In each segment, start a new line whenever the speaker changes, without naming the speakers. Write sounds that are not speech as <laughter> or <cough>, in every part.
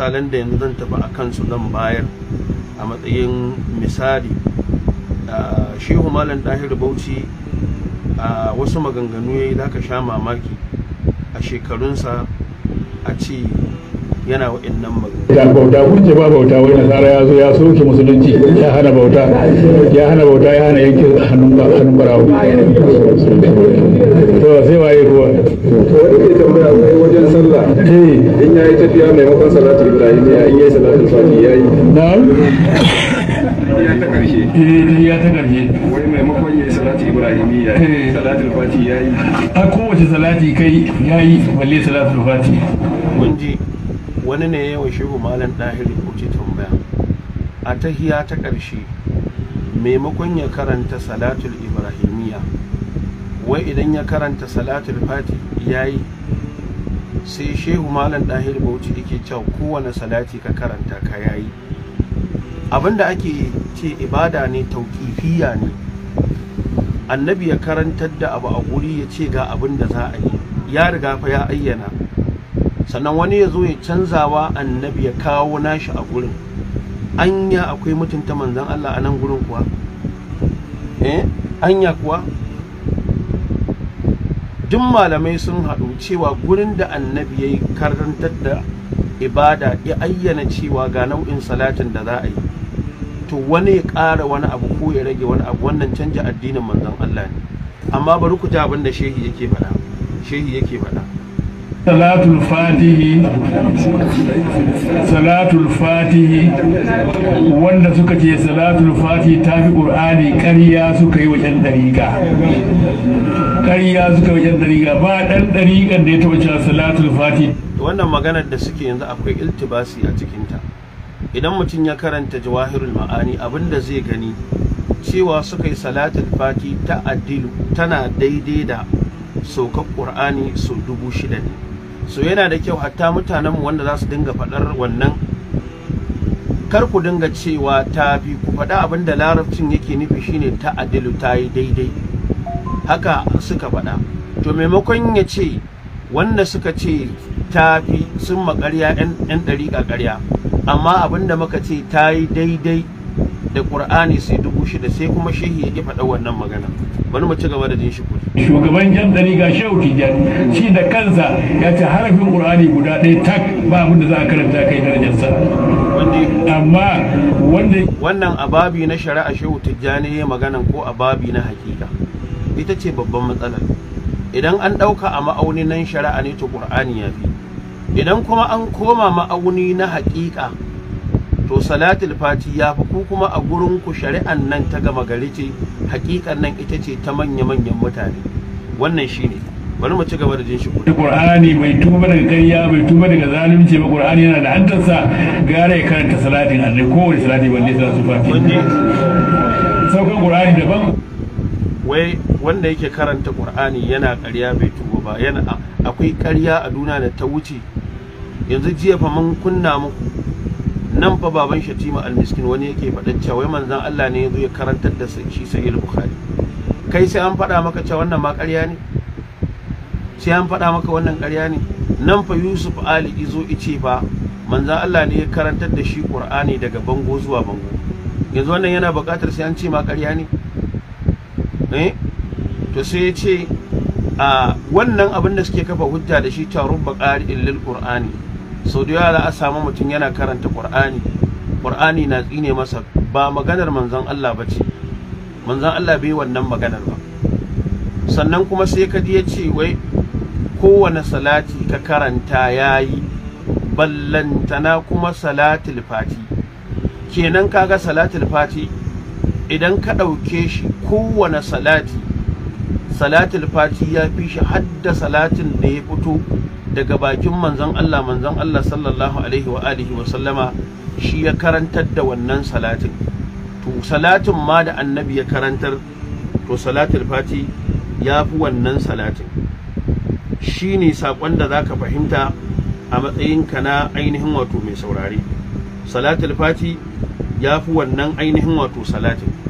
misalan da yanzu zan tafi a kan su zan bayar a matsayin misali shehu malam ɗahir bauchi a wasu maganganu ya yi za ka sha mamaki a shekarunsa a ce yana wa'annan magana ga
bauta kun ce ba bauta wai nasara ya zo ya soke musulunci ya hana bauta ya hana bauta ya hana yanke hannun ba hannun barawo to sai waye kuwa to wani ke tambaya sai wajen sallah eh in yayi tafiya maimakon salatu ibrahim ya in salatu fati yayi na'am ya ta eh, ya ya eh. a kowace
salati kai yayi balle salatu fati wani ne yawa shehu malam ɗahiri kuci tambaya a tahiya ta ƙarshe maimakon ya karanta salatul ibrahimiya wai idan ya karanta salatul fati ya yi sai shehu malam ɗahir bauchi yake kyau kowane salati ka karanta ka ya yayi da ake ce ibada ne tauƙifiya ne annabi ya karantar da abu a guri ya ce ga abin da za a yi ya riga fa ya ayyana sannan wani ya zo ya canzawa annabi ya kawo nashi a gurin anya akwai mutunta manzan Allah a nan gurin kuwa eh anya kuwa duk malamai sun haɗu cewa gurin da annabi ya yi karantar da ibada ya ayyana cewa ga nau'in salatin da za a yi to wani ya ƙara wani abu ko ya rage wani abu wannan canja addinin manzan Allah ne amma bari ku ji abin da shehi yake faɗa shehi yake faɗa
صلاة Fatihi: صلاة الفاتح wanda suka ce salatul Fatihi ta fi ƙur'ani ƙarya suka yi wajen ɗariƙa ƙarya suka yi wajen ɗariƙa ba ɗan ɗariƙan da ya taɓa cewa salatul fati
wannan maganar da suke yanzu akwai iltibasi a cikinta idan mutum ya karanta jawahirul ma'ani abin da zai gani cewa suka yi salatul fati ta adilu tana daidai da saukar ƙur'ani sau dubu shida ne so yana da kyau hatta mutanenmu wanda za su dinga faɗar wannan kar ku dinga cewa ta fi ku faɗa abin da larabcin yake nufi shine ta adilu ta yi daidai haka suka faɗa to maimakon ya ce wanda suka ce ta fi sun makarya 'yan ɗariƙa ƙarya amma abin da muka ce ta yi daidai da qur'ani sai dubu shida sai kuma shehi ya faɗa wannan magana bari mu ci gaba da jin shi kuɗi
shugaban jan dari ga shehu tijani shi da kansa ya ce harafin qur'ani guda ɗaya tak ba abin da za a karanta kai
darajarsa amma wanda wannan ababi na shari'a shehu tijani ya magana ko ababi na hakika ita ce babban matsalar idan an ɗauka a ma'auni nan shari'a ne to qur'ani ya fi idan kuma an koma ma'auni na hakika to salatul fati ya fi ku kuma a gurin ku shari'an nan ta gama gari ce hakikan nan ita ce ta manya manyan mutane wannan shine bari mu ci gaba da jin shi kuɗi.
Qur'ani mai tuba daga ƙarya mai tuba daga zalunci ba Qur'ani yana da hantarsa gara ya karanta salatin annabi kowane salati balle su fati. Wanne? Saukan Qur'ani
daban. Wai wanda yake karanta Qur'ani yana ƙarya bai tuba ba yana akwai ƙarya a duniya da ta wuce yanzu jiya fa mun kunna muku nan fa baban shatima almiskin wani yake faɗa cewa wai manzon Allah ne yazo ya karantar da shi sahih bukhari kai sai an faɗa maka cewa wannan ma ƙarya ne sai an faɗa maka wannan ƙarya ne nan fa Yusuf Ali izo ice fa manzon Allah ne ya karantar da shi Qur'ani daga bango zuwa bango yanzu wannan yana buƙatar sai an ce ma ƙarya ne eh to sai ya ce a wannan abin da suke kafa hujja da shi tarubba qari'il lil Qur'ani sau da yawa a samu mutum yana karanta ƙur'ani ƙur'ani na tsine masa ba maganar manzon Allah ba ce manzon Allah bai wannan maganar ba sannan kuma sai ka ya ce wai kowane salati ka karanta ya yi, ballantana kuma salatul fati kenan kaga salatul fati idan ka ɗauke shi kowane salati salatul fati ya fi shi hadda salatin da ya fito daga bakin manzon Allah manzon Allah sallallahu alaihi wa alihi wa sallama shi ya karantar da wannan salatin to salatin ma da annabi ya karantar to salatul fati ya fi wannan salatin shi ne saƙon da za ka fahimta a matsayin ka na ainihin wato mai saurare salatul fati ya fi wannan ainihin wato salatin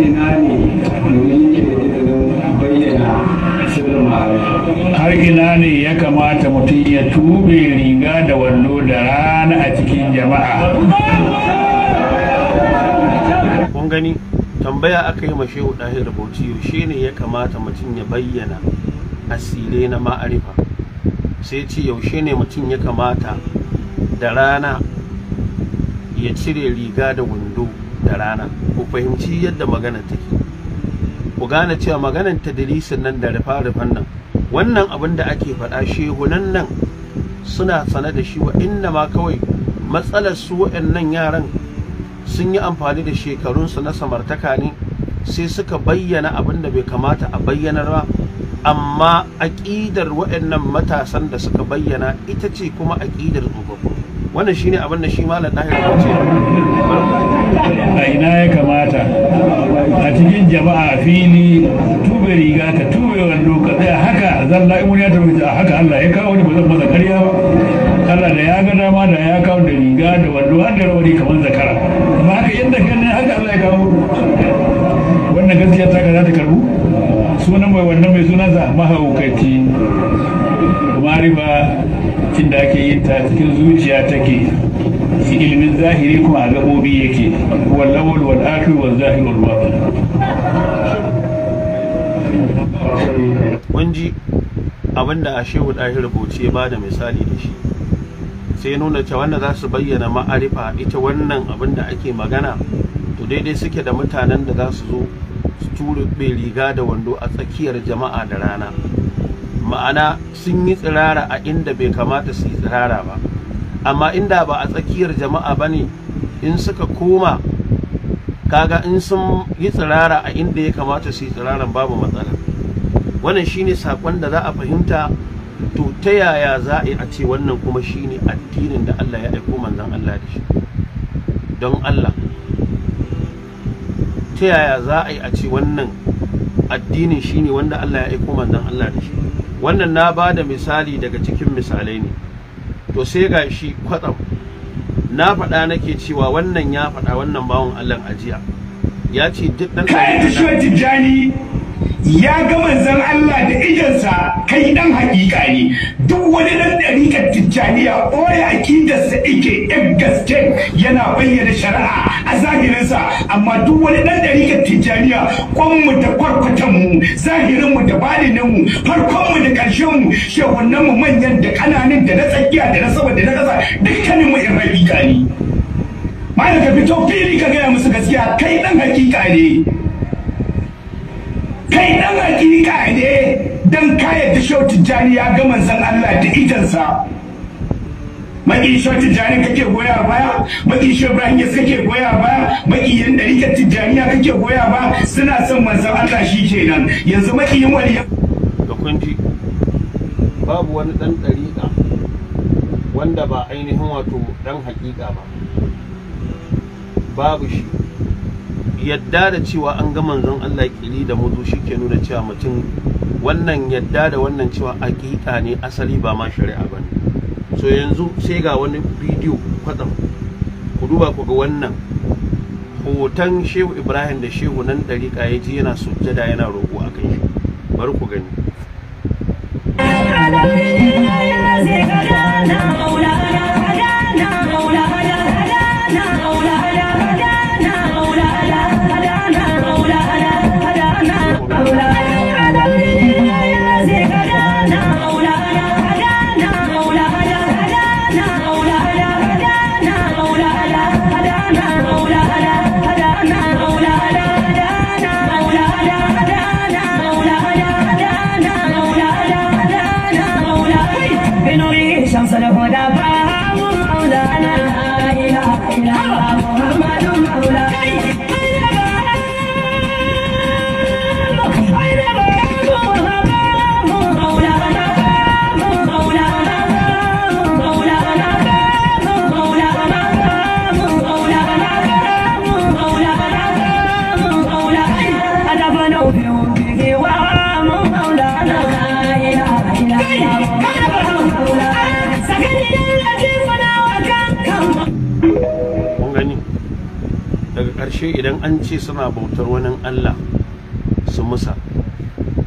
ina ne domin kirkirin bayyana sirrin har ina ne ya kamata mutum ya tube riga da wando da rana a cikin
jama'a kun gani tambaya aka yi mashe da bauchi yaushe ne ya kamata mutum ya bayyana asile na ma'arifa sai ce yaushe ne mutum ya kamata da rana ya cire riga da wando da rana ku fahimci yadda magana take ku gane cewa maganar tadrisin nan da rufa-rufan nan wannan abin da ake faɗa shehunan nan suna sane da shi wa inda ma kawai matsalar su waɗannan yaran sun yi amfani da shekarunsu na samartaka ne sai suka bayyana abin da bai kamata a bayyanar ba amma aƙidar waɗannan matasan da suka bayyana ita ce kuma aƙidar tsofaffi wannan shine abin da shi malam ɗahir ya ce a ina ya kamata
a cikin jama'a fili tube riga ka tube wando ka tsaya haka zalla in wani ya tafi a haka Allah ya kawo ni ba zan masa karya ba Allah da ya ga dama da ya kawo da riga da wando har da rawani kamar zakara amma haka inda kan haka Allah ya kawo wannan gaskiya ta ka za ta karbu sunan mai wannan mai za mahaukaci kuma riba da ake yin ta cikin zuciya take shi ilimin zahiri kuma gabobi yake wal akhir wal
mun ji abinda a shehu dahir rubuce ba da misali da shi sai nuna cewa wanda za su bayyana ma'arifa ita wannan abin da ake magana to daidai suke da mutanen da za su zo su turube riga da wando a tsakiyar jama'a da rana ma'ana sun yi tsirara a inda bai kamata su yi tsirara ba amma inda ba a tsakiyar jama'a ba ne in suka koma kaga in sun yi tsirara a inda ya kamata su yi tsiraran babu matsala wannan shine sakon da za a fahimta to ta yaya za a yi a ce wannan kuma shine addinin da Allah ya aiko manzon Allah da shi don Allah ta yaya za a yi a ce wannan addinin shine wanda Allah ya aiko manzon Allah da shi wannan na ba da misali daga cikin misalai ne to sai gashi shi kwatsam na faɗa nake cewa wannan ya faɗa wannan bawon Allah ajiya ya ce duk ɗan
ɗari ya ga manzon Allah da idansa kai dan hakika ne duk wani dan ɗariƙar tijjaniya da akidarsa ike yan gaske yana bayyana shari'a a zahirinsa amma duk wani dan ɗariƙar tijjaniya kwanmu da kwarkwatanmu zahirinmu da farkon farkonmu da ƙarshenmu mu manyan da ƙananan da na tsakiya da na sama da na ƙasa mu in hakika ne. ka fito fili ka gaya musu gaskiya kai ɗan hakika ne. kai dan hakika ne dan kaya ta shau tijjani ya ga manzon Allah da idansa maki shau tijjani kake goya baya maki shau ibrahim ya kake goya baya maki yan dariƙar tijjaniya kake goya ba? suna son manzon Allah shi kenan yanzu maki yin wani da kunji ji
babu wani dan dariqa wanda ba ainihin wato dan hakika ba babu shi yadda da cewa an ga manzon Allah kiri da mudu shi ke nuna cewa mutum wannan yadda da wannan cewa aƙiƙa ne asali ba ma shari'a ba ne so yanzu sai ga wani bidiyo kwatsam ku duba ku ga wannan hoton shehu ibrahim da shehu nan dariƙa ya ji yana sujjada yana roƙo a kai shi bari ku gani idan an ce suna bautar wani Allah su musa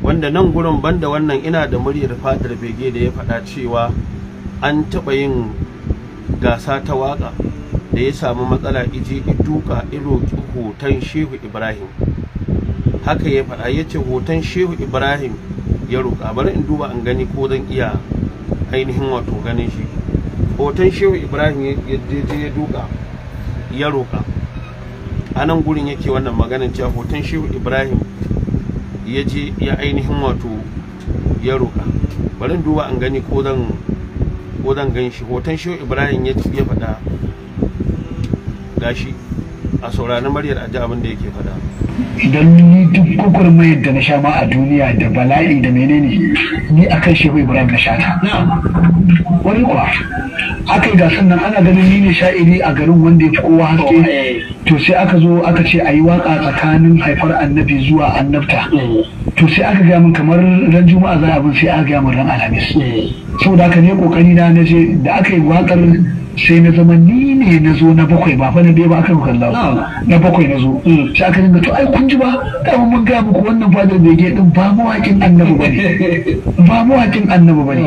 wanda nan gurin banda wannan ina da muryar fadar bege da ya faɗa cewa an taɓa yin gasa ta waƙa da ya samu matsala iji iduka iro hoton shehu ibrahim haka ya faɗa ya ce hoton shehu ibrahim ya roƙa bari in duba an gani ko zan iya ainihin wato ganin shi hoton shehu ibrahim ya duka ya roƙa a nan gurin yake wannan maganin cewa hoton shehu ibrahim ya je ya ainihin wato ya roƙa bari duba an gani ko zan ko zan gan shi hoton shehu ibrahim ya tafi ya faɗa gashi a saurari maryar aji abin da yake faɗa
idan ni duk gwagwarmayar da na sha ma a duniya da bala'i da menene ni a kan shehu ibrahim na shata wani kuwa aka yi gasar nan ana ganin ni ne sha'iri a garin wanda ya fi kowa haske oh, to sai aka zo aka ce a yi waka tsakanin haifar annabi zuwa annabta to sai aka gaya min kamar ran juma'a za abin sai aka gaya min ran alhamis mm. saboda haka ne kokari na na da aka yi wakar sai na zama ni ne na zo na bakwai ba fa na bai ba aka rukan lawa na bakwai na zo mm. shi aka dinga to ai kun ji ba dama mun gaya muku wannan fadar bege din ba mawaƙin annabi bane <laughs> ba mawaƙin annabi bane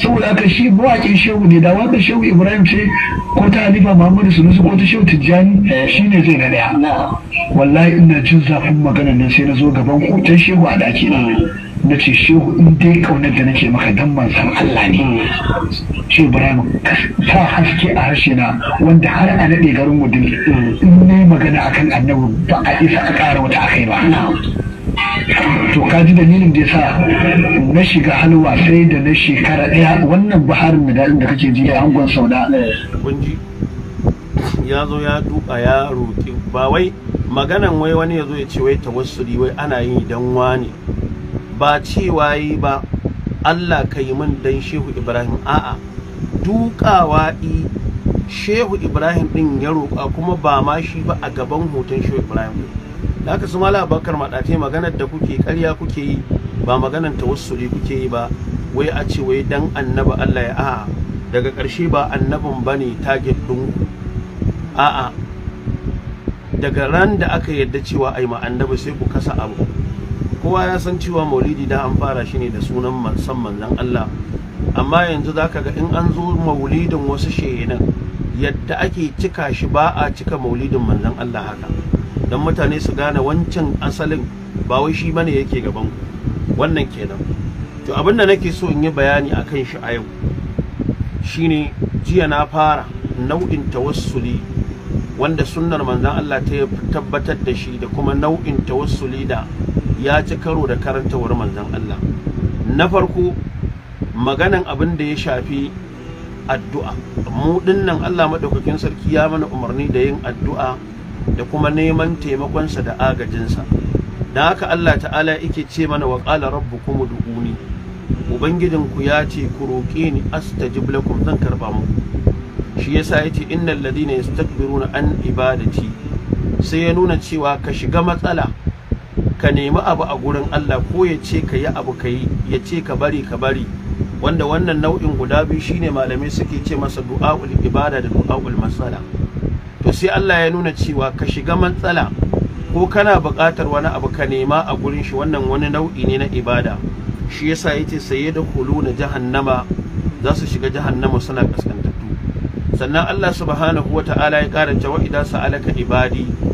saboda aka shi mawaƙin shehu ne da waƙar shehu ibrahim ce ko ta halifa muhammadu sunusu ko ta shehu tijjani eh. shine zai na daya wallahi ina jin zafin maganar nan sai na zo gaban kutan shehu a ɗaki na mm. na ce shehu in dai kaunar da nake maka dan manzan Allah ne shi Ibrahim ta haske a harshe na wanda har a nade garin mu in ne magana akan annabi ba a isa a ƙara wata akai ba to ka ji dalilin da yasa na shiga halwa sai da na shekara ɗaya wannan Buharin da dalin da kake ji a angon da.
ya zo ya duka ya roƙi ba wai maganan wai wani ya zo ya ce wai wasu wai ana yi danwa wani ba cewa yi ba Allah ka yi min dan Shehu Ibrahim a'a dukawa yi Shehu Ibrahim din ya roƙa kuma ba ma shi ba a gaban hoton Shehu Ibrahim din haka su mala bakar maɗate maganar da kuke ƙarya kuke yi ba maganar tawassuli kuke yi ba wai a ce wai dan annaba Allah ya a'a daga ƙarshe ba annabin bane target din a'a daga ran da aka yarda cewa ai ma annabi sai ku kasa abu kowa ya san cewa maulidi da an fara shi ne da sunan san manzon Allah amma yanzu zaka ga in an zo maulidin wasu shehinan yadda ake cika shi ba a cika maulidin manzan Allah haka Don mutane su gane wancan asalin ba wai shi bane yake gaban ku wannan kenan to abin da nake so in yi bayani akan shi a yau shine jiya na fara nau'in tawassuli wanda sunnar manzon Allah ta tabbatar da shi da kuma nau'in tawassuli da ya ci karo da karantawar manzon Allah na farko maganan abin da ya shafi addu'a mu dinnan Allah madaukakin sarki ya mana umarni da yin addu'a da kuma neman taimakonsa da agajinsa da haka Allah ta'ala yake ce mana wa qala rabbukum ud'uni ku ya ce ku roƙe ni astajib lakum zan karba mu. shi yasa yace innal ladina yastakbiruna an ibadati sai ya nuna cewa ka shiga matsala ka nemi abu a gurin Allah ko ya ce ka yi abu ka yi ya ce ka bari ka bari wanda wannan nau'in guda biyu shine malamai suke ce masa du'a'ul ibada da du'a'ul matsala to sai Allah ya nuna cewa ka shiga matsala ko kana buƙatar wani abu ka nema a gurin shi wannan wani nau'i ne na ibada shi yasa yace saye da kulu na jahannama za su shiga jahannama suna kaskantattu sannan Allah subhanahu wata'ala ya karanta wa idan sa'alaka ibadi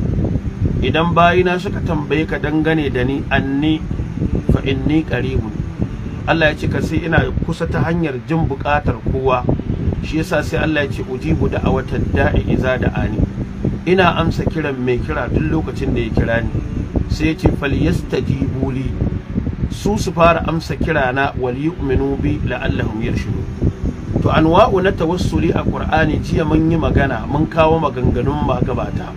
idan bayina suka tambaye ka dangane da ni anni fa inni qaribun Allah ya ce ka sai ina kusa ta hanyar jin buƙatar kowa shi yasa sai Allah ya ce ujibu da'awatan da'i iza ani. ina amsa kiran mai kira duk lokacin da ya kira ni sai ya ce falyastajibu li su su fara amsa kira wal yu'minu bi la'allahum yarshudun to anwa'u na tawassuli a qur'ani jiya mun yi magana mun kawo maganganun magabata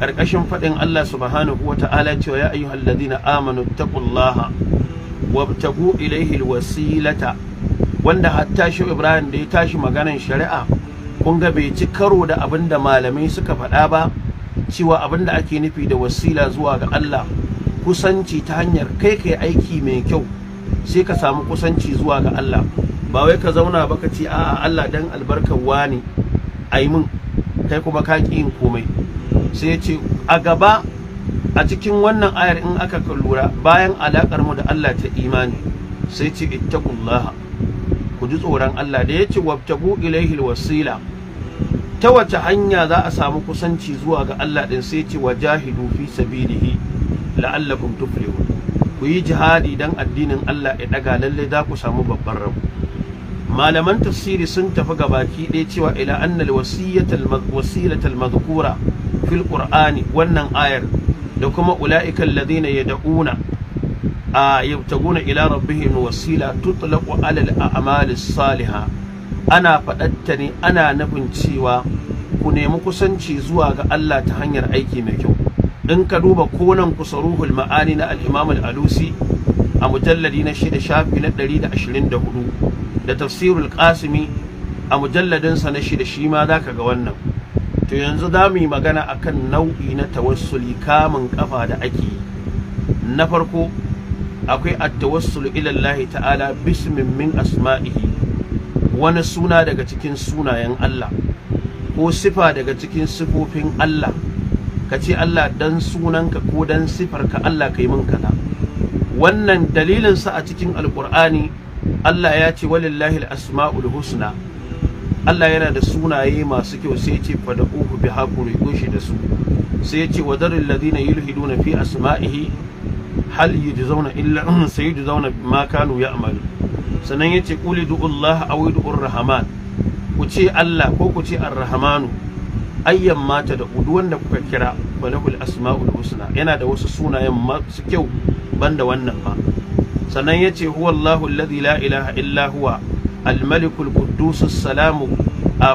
karkashin faɗin Allah subhanahu wa ta'ala cewa ya ayyuhal ladina amanu taqullaha wabtagu ilayhi alwasilata wanda hatta shi Ibrahim da ya tashi maganan shari'a kun ga bai ci karo da abin da malamai suka faɗa ba cewa abin da ake nufi da wasila zuwa ga Allah kusanci ta hanyar kai kai aiki mai kyau sai ka samu kusanci zuwa ga Allah ba wai ka zauna ba ka ce a'a Allah dan albarkar ne ai min. kai kuma ka ƙi komai sai ya ce a gaba a cikin wannan ayar in aka lura bayan alakar mu da Allah ta imani sai ce ittaqullah ku ji tsoron Allah da ya yace wabtagu ilaihi wasila ta wace hanya za a samu kusanci zuwa ga Allah din sai ce wajahidu fi sabilihi la'allakum tuflihun ku yi jihadi dan addinin Allah ya daga lalle za ku samu babban rabo malaman tafsiri sun tafi ga baki ɗaya cewa ila annal wasilatal madhkura fil qur'ani wannan ayar da kuma ula'ika alladhina yad'una a yabtaguna ila rabbihim wasila tutlaqu ala al-a'mali ana faɗatta ne ana nufin cewa ku nemi kusanci zuwa ga Allah ta hanyar aiki mai kyau in ka duba konan kusaruhul ma'ani na al-Imam al-Alusi a mujalladi na shida shafi na 124 da tafsirul qasimi a mujalladinsa na shida shi ma za ka ga wannan to yanzu za mu yi magana akan nau'i na tawassuli kamun kafa da ake yi na farko akwai at ilallahi ta'ala bismin min asma'ihi wani suna daga cikin sunayen Allah ko sifa daga cikin sifofin Allah ka ce Allah dan sunanka ko dan sifar ka Allah kai min kaza wannan dalilinsa a cikin alqur'ani Allah ya ce walillahi al-asma'ul husna Allah yana da sunaye masu kyau sai ya ce fad'uhu biha ku shi da su sai ya ce wadarul ladina yulhiduna fi asma'ihi hal yujzauna illa <clears throat> sayujzauna bima kanu ya'malu sannan yace qul du'ullaha aw du'ur rahman ku ce Allah ko ku ce ar-rahmanu ayyan mata da udu wanda kuka kira balahul asma'ul husna yana da wasu sunayen masu kyau banda wannan ba sannan ya ce Huwallahu Allahu alladhi la ilaha illa huwa al quddus as-salamu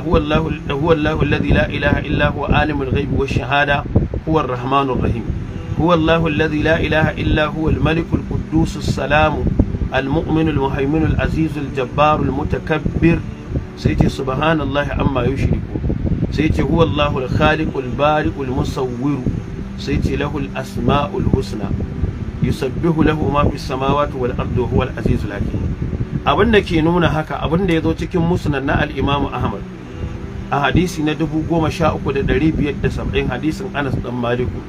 huwa Allahu huwa Allahu alladhi la ilaha illa huwa alimul shahada huwa ar rahim Huwallahu alladhi la ilaha illa huwa al quddus as المؤمن المهيمن العزيز الجبار المتكبر سيتي سبحان الله عما يشركون سيتي هو الله الخالق البارئ المصور سيتي له الأسماء الحسنى yusabbihu lahu ma fis samawati wal ardi wa huwal azizul hakim abin da ke nuna haka abin da ya zo cikin musnad na al-imam ahmad a hadisi na 13570 hadisin Anas dan Maliku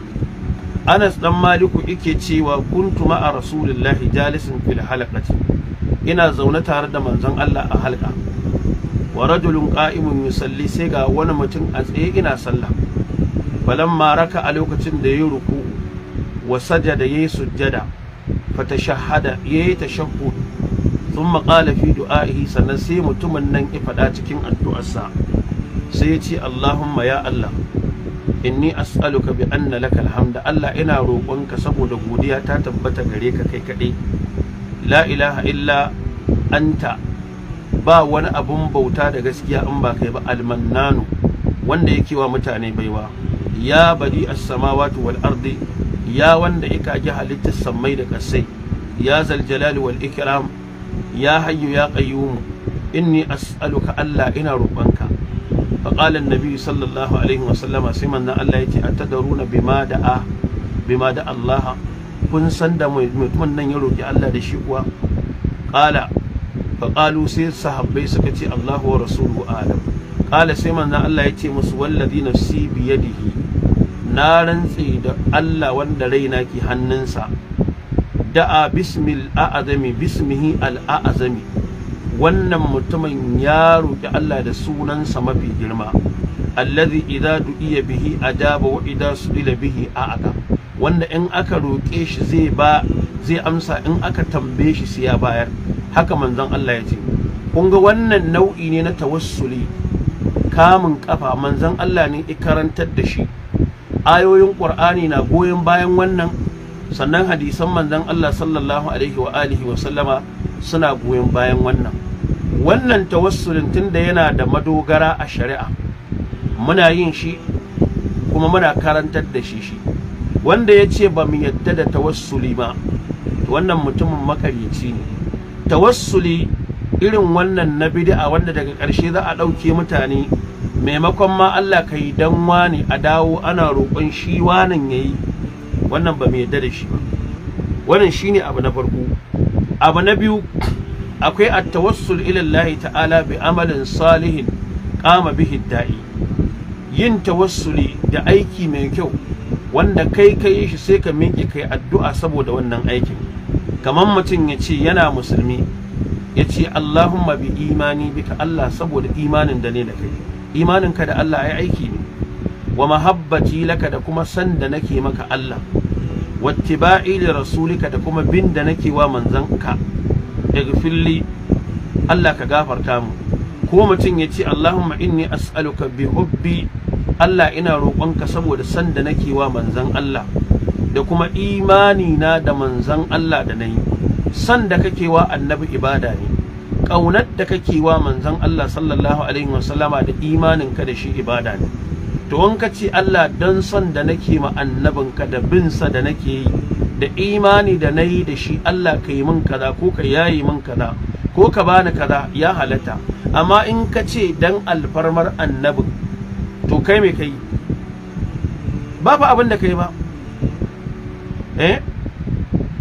Anas dan Maliku yake cewa kuntu ma'a rasulillahi jalisin fil halaqati ina zaune tare da manzon Allah a halka wa rajulun qa'imun yusalli sai ga wani mutum a tsaye ina sallah falamma raka a lokacin da ya ruku wa sajada yayi sujjada fatashahada yayi tashahhud sun qala fi du'a'ihi sannan sai mutumin nan ya faɗa cikin addu'arsa sai ya ce Allahumma ya Allah inni as'aluka bi anna laka alhamda Allah ina rokonka, saboda godiya ta tabbata gare ka kai kaɗai la ilaha illa anta ba wani abun bauta da gaskiya in ba kai ba almannanu wanda yake wa mutane baiwa ya badi a samawati wal ardi ya wanda ya kaji halittar sammai da kasai ya zaljalali wal ikram ya hayyu ya qayyum inni as'aluka Allah ina roƙonka fa qala an-nabi sallallahu alaihi wa sallama sai manzon Allah yace atadaruna bima da'a bima da Allah kun san da mutumin nan ya roƙi Allah da shi kuwa qala fa qalu sai sahabbai suka ce Allahu wa rasuluhu alam qala sai manzon Allah yace musu wallazi nafsi biyadihi na rantse da Allah wanda raina ke hannunsa da'a bismil a'azami bismihi al'azami wannan mutumin ya roki Allah da sunansa mafi girma allazi idza du'iya bihi ajaba wa idza su'ila bihi a'ata wanda in aka roƙe shi zai ba zai amsa in aka tambaye shi sai ya bayar haka manzon Allah ya ce kun ga wannan nau'i ne na tawassuli kamun kafa manzon Allah ne ya karantar da shi ayoyin ƙur'ani na goyon bayan wannan sannan hadisan manzon Allah sallallahu alaihi wa alihi wa sallama suna goyon bayan wannan wannan tawassulin tunda yana da madogara a shari'a muna yin shi kuma muna karantar da shi shi wanda ya ce ba mu yadda da tawassuli ba wannan mutumin makaryaci ne tawassuli irin wannan na bid'a wanda daga ƙarshe za a ɗauke mutane maimakon ma Allah ka yi dan wani a dawo ana roƙon shi wanan ya yi wannan ba mai yadda shi ba wannan shi ne abu na farko abu na biyu akwai attawassul ilallahi ta'ala bi amalin salihin kama bihi da'i yin tawassuli da aiki mai kyau wanda kai ka yi shi sai ka miƙe kai addu'a saboda wannan aikin kamar mutum ya ce yana musulmi ya ce Allahumma bi imani bika Allah saboda imanin da ne da kai imaninka da Allah ya aiki ne wa mahabbaci laka da kuma san da nake maka Allah wattiba'i li rasulika da kuma bin da nake wa manzanka ighfirli Allah ka gafarta mu ko mutum ya ce Allahumma inni as'aluka bi hubbi Allah ina roƙonka saboda san da nake wa manzan Allah da kuma imani na da manzan Allah da nayi san da kake wa annabi ibada ne ƙaunar da kake wa manzon Allah sallallahu alaihi wasallama da imanin ka da shi ibada ne to in ka ce Allah dan son da nake ma ka da bin sa da nake yi da imani da nayi da shi Allah ka yi min kaza ko ka yayi min kaza ko ka bani kaza ya halatta amma in ka ce dan alfarmar annabin to kai me kai babu abin da kai ba eh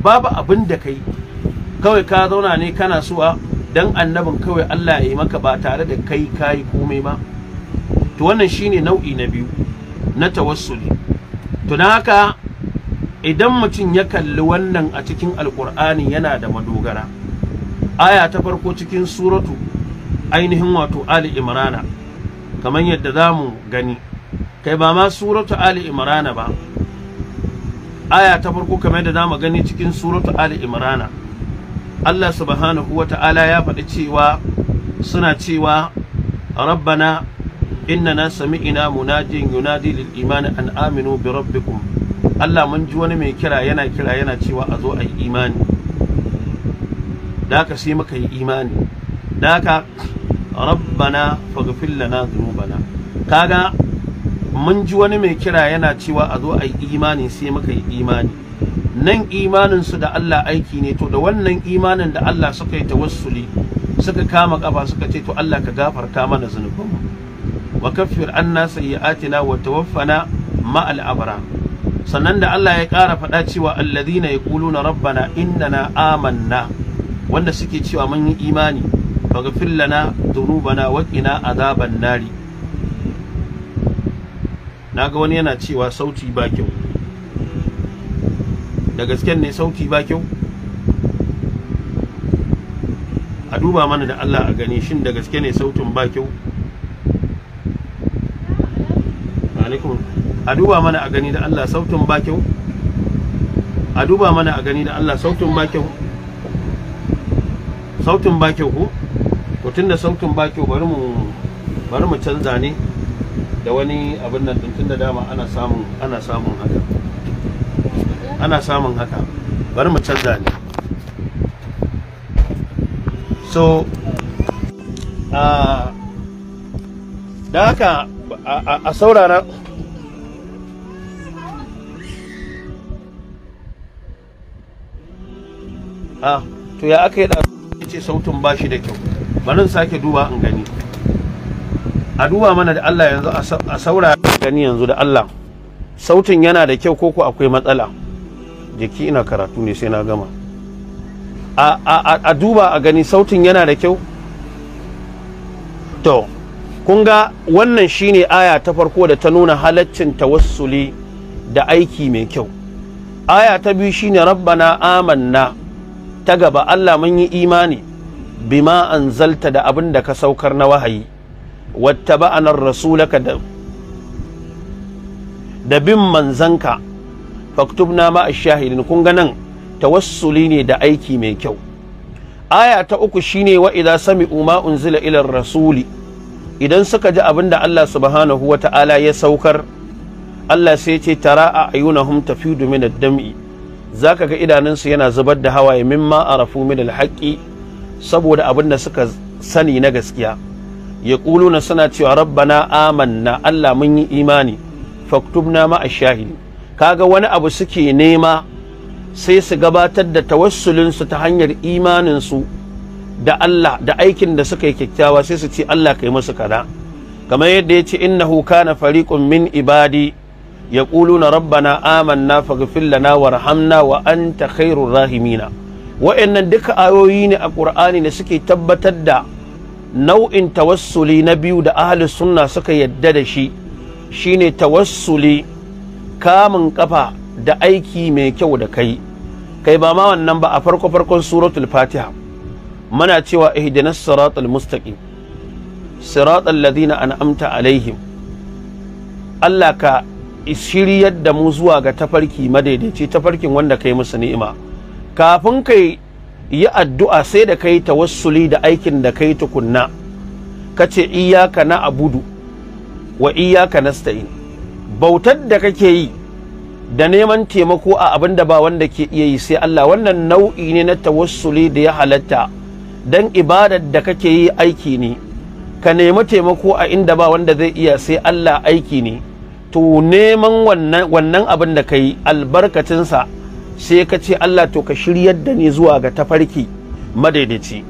babu abin da kai kawai ka zauna ne kana suwa dan annabin kawai Allah ya yi maka ba tare da kai kayi komai ba to wannan shine nau'i na biyu na tawassuli to dan haka idan mutum ya kalli wannan a cikin alkur'ani yana da madogara aya ta farko cikin suratu ainihin wato ali imrana kamar yadda za gani kai ba ma suratu ali imrana ba aya ta farko kamar yadda zamu gani cikin suratu ali imrana Allah subhanahu wa ta'ala ya faɗi cewa suna cewa rabbana innana sami'ina munajin yunadi lil imani an aminu bi rabbikum Allah mun ji wani mai kira yana kira yana cewa a zo a yi imani da haka sai muka yi imani da haka rabbana faghfir lana dhunubana kaga mun ji wani mai kira yana cewa a zo a yi imani sai muka yi imani nan imaninsu da Allah aiki ne to da wannan imanin da Allah suka yi tawassuli suka kama kafa suka ce to Allah ka gafarta mana zunubanmu wa kaffir anna sayyi'atina wa tawaffana ma'al abra sannan da Allah ya ƙara faɗa cewa alladhina yaquluna rabbana innana amanna wanda suke cewa mun yi imani faghfir lana dhunubana wa qina adhaban nari naga wani yana cewa sauti ba kyau da gasken ne sauti ba kyau a duba mana da Allah a gani shin da gaske ne sautin ba kyau alaikum a duba mana a gani da Allah sautin ba kyau a duba mana a gani da Allah sautin ba kyau sautin ba kyau ko to da sautin ba kyau bari mu bari mu canza ne da wani abin nan da dama ana samun ana samun haka ana samun haka bari mu canza ne so da haka a saurara a to ya aka yi da ce sautin bashi da kyau bari sake duba in gani a duba mana da Allah yanzu a saurara gani yanzu da Allah sautin yana da kyau koko akwai matsala jiki ina karatu ne sai na gama a duba a gani sautin yana da kyau to kun ga wannan shine aya ta farko da ta nuna halaccin tawassuli da aiki mai kyau aya ta biyu shine rabbana amanna ta gaba Allah mun yi imani bima zalta da abin da ka saukar na wahayi wattaba'anar rasulaka da bin manzanka faktubna ma ashahidin kun ga nan tawassuli ne da aiki mai kyau aya ta uku shine wa idza sami'u ma unzila ila rasuli idan suka ji abin da Allah subhanahu wa ta'ala ya saukar Allah sai ce tara a ayyunahum tafidu min ad-dam'i zaka ga idanunsu yana zubar da hawaye mimma arafu min al-haqqi saboda abin da suka sani na gaskiya ya yaquluna suna cewa rabbana amanna Allah mun yi imani faktubna ma ash-shahidin kaga wani abu suke nema sai su gabatar da tawassulinsu ta hanyar imaninsu da Allah da aikin da suka yi kyakkyawa sai su ce Allah kai musu kada kamar yadda ya ce innahu kana fariqun min ibadi yaquluna rabbana amanna faghfir lana warhamna wa anta khairur rahimina wa'annan duka ayoyi ne a Qur'ani da suke tabbatar da nau'in tawassuli na biyu da ahlus sunna suka yadda da shi shine tawassuli kamun kafa da aiki mai kyau da kai kai ba ma wannan ba a farko farkon suratul fatiha mana cewa ihdinas siratal mustaqim siratal ladina an'amta alaihim Allah ka shiryar da mu zuwa ga tafarki madaidaici tafarkin wanda kai musu ni'ima kafin kai yi addu'a sai da kai tawassuli da aikin da kai tukunna kace iyyaka na abudu wa iyyaka nasta'in bautar da kake yi da neman taimako a abin da ba wanda ke iya yi sai Allah wannan nau'i ne na tawassuli da ya halatta dan ibadar da kake yi aiki ne ka nemi taimako a inda ba wanda zai iya sai Allah aiki ne to neman wannan abin da ka yi albarkacinsa sai ka ce Allah to ka shiryar da ni zuwa ga tafarki madaidaici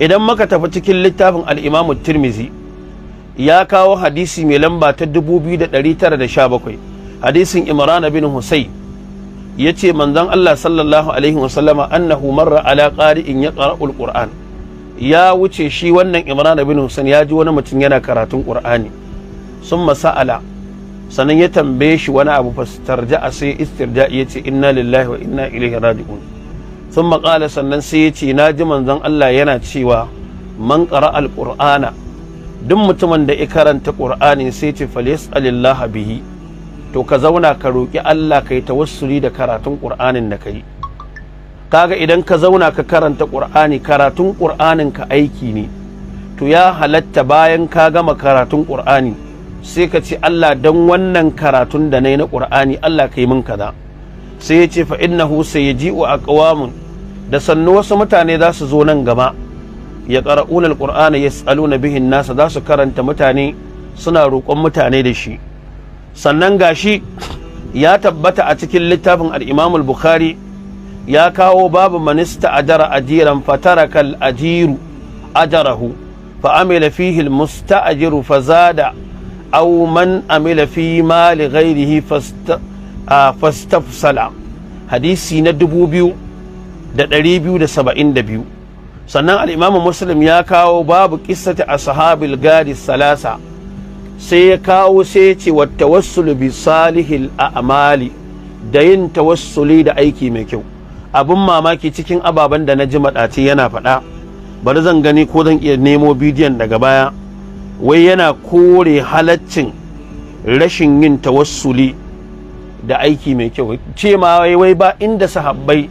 idan maka tafi cikin littafin al'imamu tirmizi ya kawo hadisi mai lamba ta 2917 hadisin imran bin husayn ya ce manzon Allah sallallahu alaihi wasallama annahu marra ala qari'in yaqra'ul qur'an ya wuce shi wannan imran bin husayn ya ji wani mutum yana karatun qur'ani sun masa'ala sannan ya tambaye shi wani abu fastarja a sai istirja ya ce inna lillahi wa inna ilaihi raji'un sun maƙala sannan sai ya ce na ji manzon Allah yana cewa man ƙara alƙur'ana duk mutumin da ya karanta ƙur'ani sai ce falis alillaha bihi to ka zauna ka roƙi Allah ka yi tawassuli da karatun ƙur'anin da ka yi kaga idan ka zauna ka karanta ƙur'ani karatun ƙur'anin ka aiki ne to ya halatta bayan ka gama karatun ƙur'ani sai ka ce Allah dan wannan karatun da na na ƙur'ani Allah ka yi min kaza sai ya ce fa innahu a aqwamun da sannu wasu mutane za su zo nan gaba ya ƙara'una alƙur'ana ya tsaluna bihin nasa za su karanta mutane suna roƙon mutane da shi sannan gashi ya tabbata a cikin littafin al'imamul bukhari ya kawo babu manista ajara ajiran fatarakal ajiru ajarahu fa amila fihi almusta'jiru fazada aw man amila fi mali ghairihi fastafsala hadisi na 2272 sannan al'imamu muslim ya kawo babu kissata a sahabil gadi salasa sai ya kawo sai ya ce wata wasu bi salihil a amali da yin tawassuli da aiki mai kyau abin mamaki cikin ababen da na ji maɗaci yana faɗa bari zan gani ko zan iya nemo bidiyon daga baya wai yana kore halaccin rashin yin tawassuli da aiki mai kyau ce ma wai ba inda sahabbai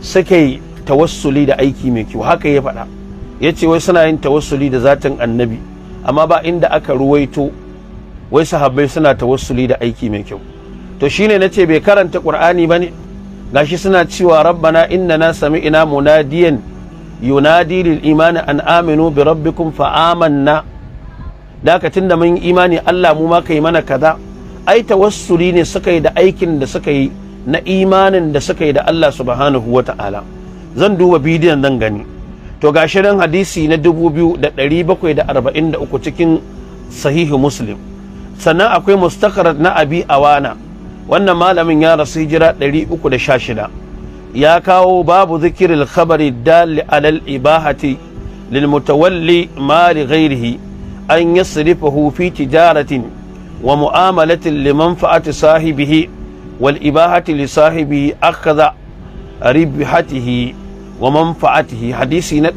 suke tawassuli da aiki mai kyau haka ya faɗa ya ce wai suna yin tawassuli da zatin annabi amma ba inda aka ruwaito wai sahabbai suna tawassuli da aiki mai kyau to shine na ce bai karanta qur'ani ba ne gashi suna cewa rabbana sami ina munadiyan yunadi lil imani an aminu bi rabbikum fa amanna da ka tunda mun imani Allah mu ma kai mana kaza ai tawassuli ne suka yi da aikin da suka yi na imanin da suka yi da Allah subhanahu wa ta'ala zan duba bidiyon zan gani to ga shirin hadisi na da arba'in 2743 cikin sahihu muslim sannan akwai mustakarat na abi awana wannan malamin ya rasu hijira shida. ya kawo babu zikirin khabari dali alal ibahati lil mutawalli mali ghairihi an yasrifahu tijaratin wa mu'amalatin liman fa'ati sahibihi wal ibahati li sahibihi akhadha ribhatihi wa manfa'atihi hadisi na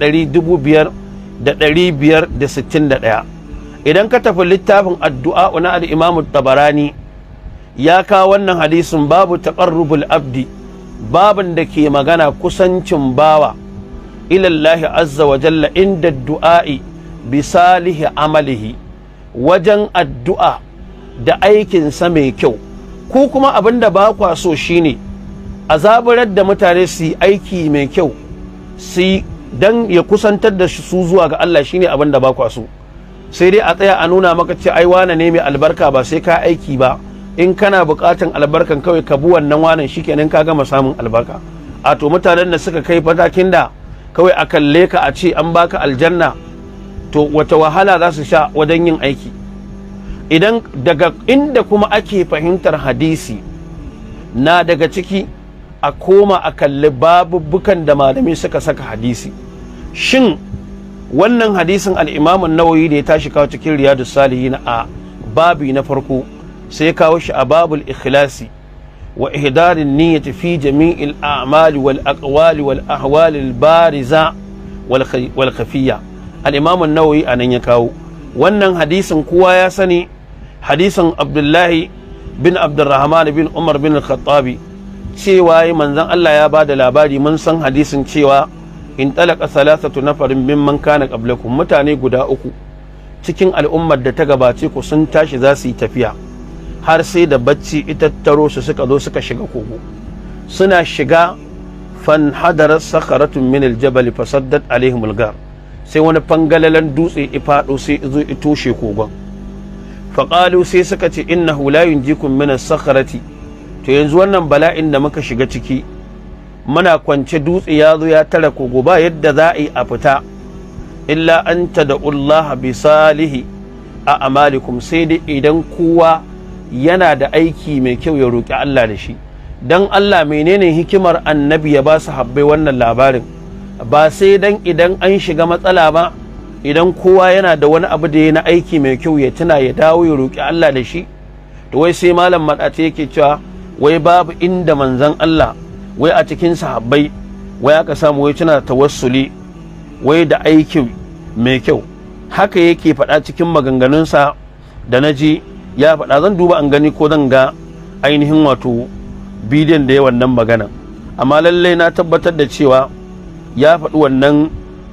da ɗaya idan ka tafi littafin addu'a na al-Imam tabarani ya kawo wannan hadisin babu taqarrubul abdi babin da ke magana kusancin bawa ilallahi azza wa jalla inda du'a'i bisalihi amalihi wajen addu'a da aikinsa mai kyau ku kuma abinda ba kwa so shine a da mutane su yi aiki mai kyau su dan ya kusantar da su zuwa ga Allah shine abin da ba so sai dai a tsaya a nuna maka ce ai wane ne mai albarka ba sai ka aiki ba in kana buƙatan albarkan kawai ka bi wannan wanan shikenan ka gama samun albarka a to mutanen da suka kai fatakin da kawai a kalle ka a ce an baka aljanna to wata wahala za su sha wajen yin aiki idan daga inda kuma ake fahimtar hadisi na daga ciki a koma a kalli babubukan da malamai suka saka hadisi shin wannan hadisin al'imamun nawayi da ya tashi kawo cikin riyadu na a babi na farko sai ya kawo shi a babul ikhlasi wa ihdarin niyyati fi jami'il a'mali wal aqwali wal ahwali al bariza wal nawayi a nan ya kawo wannan hadisin kowa ya sani hadisin abdullahi bin abdurrahman bin umar bin khattabi cewa yi manzan Allah ya ba da labari mun san hadisin cewa in talaka salasatu nafarin mimman kana qablakum mutane guda uku cikin al'ummar da ta gabace ku sun tashi za su yi tafiya har sai da bacci ita taro su suka zo suka shiga kogo suna shiga fan hadara sakaratun min aljabal fasaddat alaihim algar sai wani fangalalan dutse ifado sai zo itoshe kogon faƙalu sai suka ce innahu la yunjikum min as-sakhrati to yanzu wannan bala'in da muka shiga ciki muna kwance dutse ya zo ya tara kogo ba yadda za a yi a fita illa an ta da Allah bi salihi a amalikum sai dai idan kowa yana da aiki mai kyau ya roƙi Allah da shi dan Allah menene hikimar annabi ya ba su habbai wannan labarin ba sai dan idan an shiga matsala ba idan kowa yana da wani abu da ya na aiki mai kyau ya tuna ya dawo ya roƙi Allah da shi to wai sai malam madata yake cewa wai babu inda manzan Allah wai a cikin sahabbai wai aka samu wai tana tawassuli wai da aiki mai kyau haka yake faɗa cikin maganganunsa da na ji ya faɗa zan duba an gani ko zan ga ainihin wato bidiyon da ya wannan magana amma lallai na tabbatar da cewa ya faɗi wannan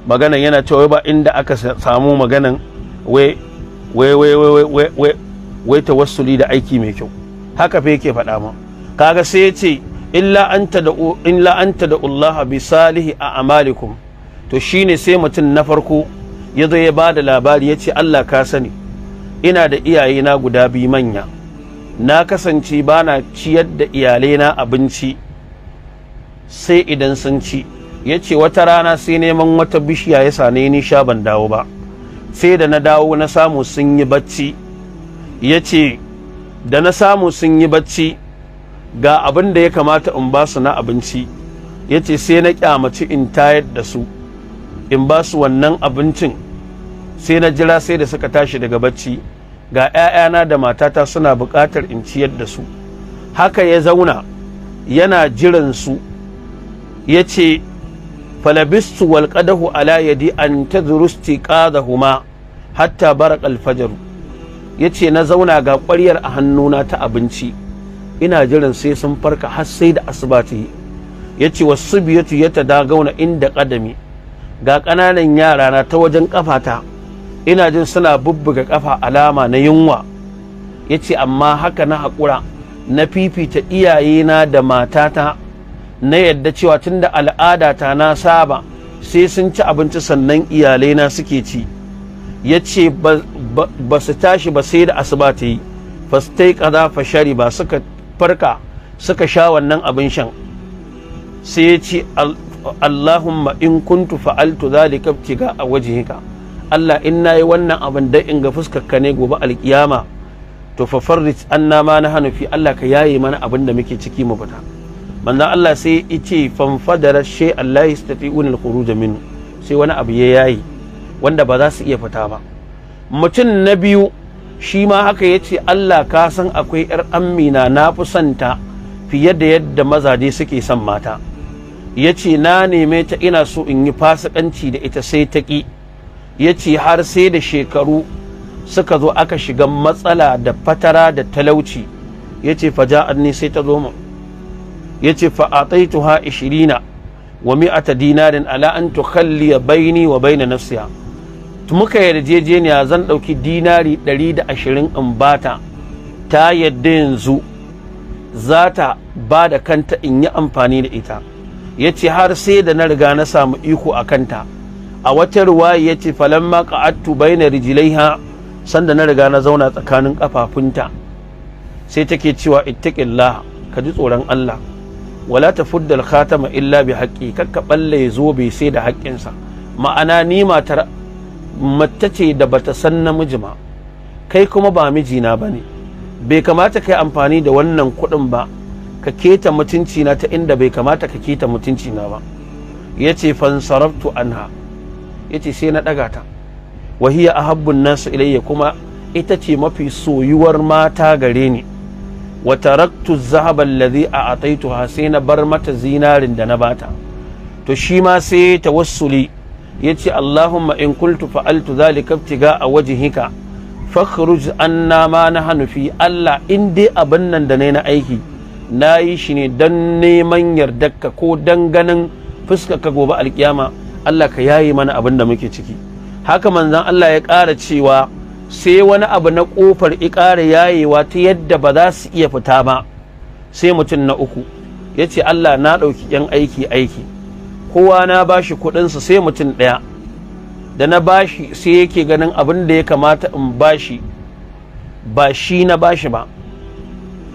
magana yana cewa ba inda aka samu maganan wai wai wai wai wai wai tawassuli da aiki mai kyau haka fa yake faɗa ma kaga sai ya ce illa anta da Allah bi salihi a amalikum to shine sai mutum na farko ya zo ya ba da labari ya ce Allah ka sani ina da iyaye na guda biyu manya na kasance bana ciyar da iyalai na abinci sai idan sun ci ya ce wata rana sai neman wata bishiya ya sane ni sha ban dawo ba sai da na dawo na samu sun yi bacci ya ce da na samu sun yi bacci ga abin da ya kamata in ba su na abinci ya ce sai na kyamaci in tayar da su in ba su wannan abincin sai na jira sai da suka tashi daga bacci ga 'ya'yana da matata suna buƙatar in ciyar da su haka ya zauna yana jiran su ya ce falabistu walƙadahu ala yadi an ta zurusti hatta barak alfajaru ya ce na zauna ga ƙwaryar a hannuna ta abinci ina jiran sai sun farka har sai da asuba ta ya ce wasu biyatu ya ta dagauna inda ƙadami ga ƙananan yara na ta wajen ƙafata ina jin suna bubbuga ƙafa alama na yunwa ya ce amma haka na haƙura na fifita iyayena da matata na yadda cewa tun da al'adata na saba sai sun ci abinci sannan iyalaina suke ci ya ce ba su tashi ba sai da asibati ta yi fastai kaza fashari ba suka farka suka sha wannan abin shan sai ya ce Allahumma in kuntu fa'altu zalika ga a wajhika Allah in yi wannan abin da in ga fuskarka ne gobe alkiyama to fa farrij anna ma na hanufi Allah ka yaye mana abin da muke ciki mu fita manzo Allah sai ya ce fanfadara shay Allah yastati'un al da min sai wani abu ya yayi wanda ba za su iya fita ba mutum na biyu shi ma haka ya ce Allah ka san akwai 'yar amina na fi santa fiye da yadda mazaje suke son mata ya ce na neme ta ina so in yi fasikanci da ita sai ta ƙi ya ce har sai da shekaru suka zo aka shiga matsala da fatara da talauci ya ce fa ja'anni sai ta zo mu ya ce fa a ataituha ishirina wa mi'ata dinarin ala an tukhalliya baini wa na nafsiya muka yarjejeniya zan ɗauki dinari 120 in bata ta yadda yanzu za ta ba da kanta in yi amfani da ita ya ce har sai da na riga na samu iko a kanta a wata ruwaya ya ce falamma na bayna rijlaiha sanda na riga na zauna tsakanin kafafunta sai take cewa ittaqillah ka ji tsoron Allah wala ta tafuddal khatama illa bi haqqi kakka balle zo bai sai da haƙƙinsa ma'ana ni matar mace ce da bata san namiji ma kai kuma ba mijina ba ne bai kamata kai amfani da wannan kuɗin ba ka keta mutunci na ta inda bai kamata ka keta mutunci na ba ya ce fansaraftu anha ya ce sai na ɗaga ta wahiya habbin nasu ilayya kuma ita ce mafi soyuwar mata gare ni zahabar taraktu a alladhi a'taytuha sai na bar mata zinarin da na bata to shi ma sai tawassuli ya ce Allahumma in kuntu fa'altu zalika ga a hika fakhruj anna ma na hanufi Allah in dai abin nan da yi na aiki nayi shi ne don neman yardarka ko don ganin ka gobe alkiyama Allah ka yayi mana abin da muke ciki haka manzan Allah ya ƙara cewa sai wani abu na kofar ikara yayewa ta yadda ba za su iya fita ba sai mutum na uku ya ce Allah na ɗauki 'yan aiki aiki kowa na bashi kuɗinsa sai mutum ɗaya da na bashi sai yake ganin abin da ya kamata in bashi ba shi na bashi ba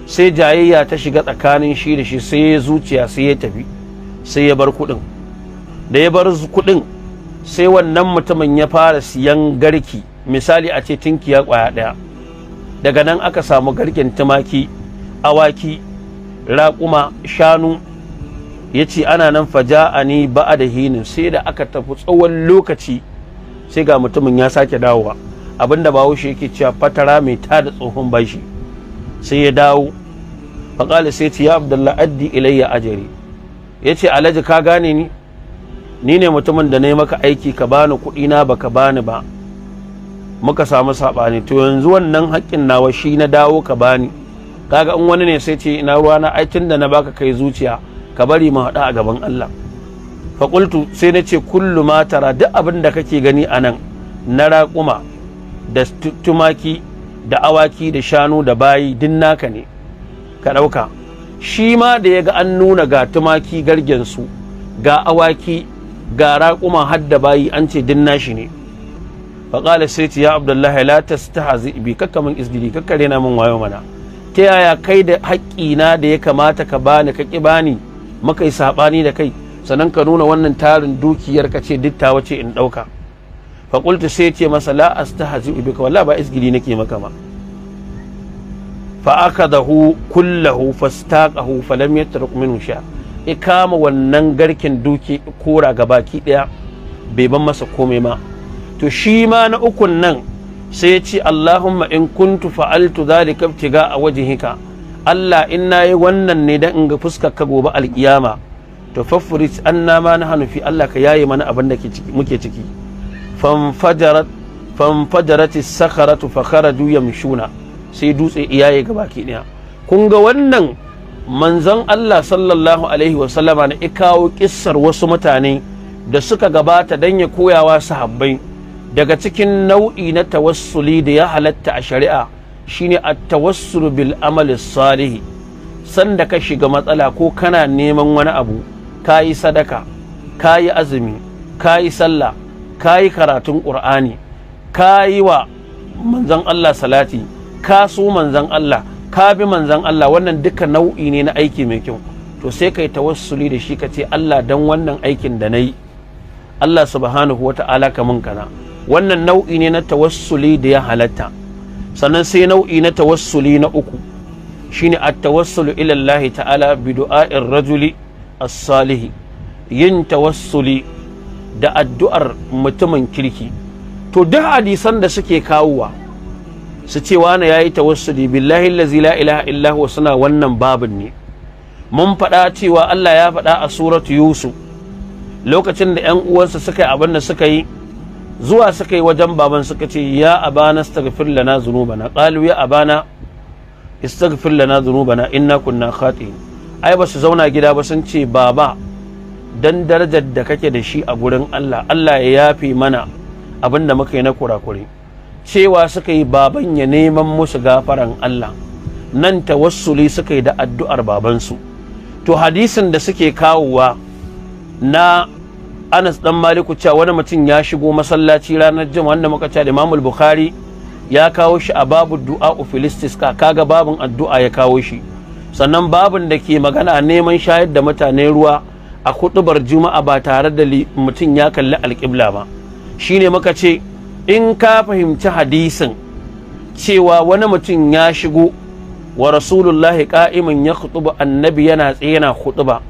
sai jayayya ta shiga tsakanin shi da shi sai ya zuciya sai ya tafi sai ya bar kuɗin da ya bar kuɗin sai wannan mutumin ya fara siyan garki misali a ce tinki ya kwaya ɗaya daga nan aka samu garkin tumaki awaki raƙuma shanu ya ce ana nan faja'ani ba'a da hinin sai da aka tafi tsawon lokaci sai ga mutumin ya sake dawowa abinda bahaushe yake cewa fatara mai ta da tsohon bashi sai ya dawo faƙali sai ce ya abdullahi addi ilayya ajari ya ce alhaji ka gane ni ni ne mutumin da na yi maka aiki ka bani kuɗi na baka bani ba muka samu saɓani to yanzu wannan haƙƙin nawa shi na dawo ka bani kaga in wani ne sai ce ina ruwa na aikin da na baka kai zuciya ka bari mu haɗa a gaban Allah faƙultu sai na ce kullu ma tara duk abin da kake gani a nan na raƙuma da tumaki da awaki da shanu da bayi duk naka ne ka ɗauka shi ma da ya ga an nuna ga tumaki gargensu ga awaki ga raƙuma har da bayi an ce duk nashi ne faƙala sai ce ya abdullahi la tastahzi bi kakka min isdili kakka rena min wayo mana ta yaya kai da haƙƙina da ya kamata ka bani ka ƙi bani maka yi saɓani da kai sannan ka nuna wannan tarin dukiyar ka ce duk ta wace in ɗauka fakulta sai ce masa la astahzi bika walla ba isgili nake maka ma fa akadahu kullahu fastaqahu falam yatruk minhu sha ya kama wannan garkin duki kora baki daya bai ban masa komai ma to shi ma na ukun nan sai ya ce Allahumma in kuntu fa'altu zalika ibtiga a wajhika Allah in na yi wannan ne don in ga fuskar ka gobe alkiyama to faffurit an na ma na hanufi Allah ka yaye mana abin da muke ciki fanfajarati sakaratu fakharaju yamshuna sai dutse iyaye ga baki daya kun ga wannan manzon Allah sallallahu alaihi wa na ikawo kissar wasu mutane da suka gabata dan ya koyawa sahabbai daga cikin nau'i na tawassuli da ya halatta a shari'a shine a tawassul bil amali salih sanda ka shiga matsala ko kana neman wani abu kayi sadaka kayi azumi kayi sallah kayi karatun qur'ani kayi wa manzon Allah salati ka so manzon Allah ka bi manzon Allah wannan duka nau'i ne na aiki mai kyau to sai kai tawassuli da shi ka ce Allah dan wannan aikin da nayi Allah subhanahu wata'ala mun kana wannan nau'i ne na tawassuli da ya halatta sannan sai nau'i na tawassuli na uku shine at-tawassulu ila Allah ta'ala bi du'a'ir rajuli as-salih yin tawassuli da addu'ar mutumin kirki to duk hadisan da suke kawowa su ce wani yayi tawassuli billahi allazi la ilaha illa huwa suna wannan babin ne mun faɗa cewa Allah ya faɗa a suratu Yusuf lokacin da 'yan uwansa suka yi abin da suka yi zuwa suka yi wajen baban suka ce ya abana astaghfir lana dhunubana qalu ya abana astaghfir lana dhunubana inna kunna khati'in ai ba su zauna gida ba sun ce baba dan darajar da kake da shi a gurin Allah Allah ya yafi mana abinda muka yi na kurakure cewa suka yi baban ya neman musu gafaran Allah nan tawassuli suka yi da addu'ar babansu to hadisin da suke kawowa na anas dan maliku cewa wani mutum ya shigo masallaci ranar jin wanda muka ce Imam imamul bukhari ya kawo shi a babu du'a filistis ka kaga babun addu'a ya kawo shi sannan babun da ke magana neman shayar da mutane ruwa a kudubar juma'a ba tare da mutum ya kalli alƙibla ba shine muka ce in ka fahimci hadisin cewa wani mutum ya shigo wa rasulullahi ka'imin ya khutuba annabi yana tsena yana khutuba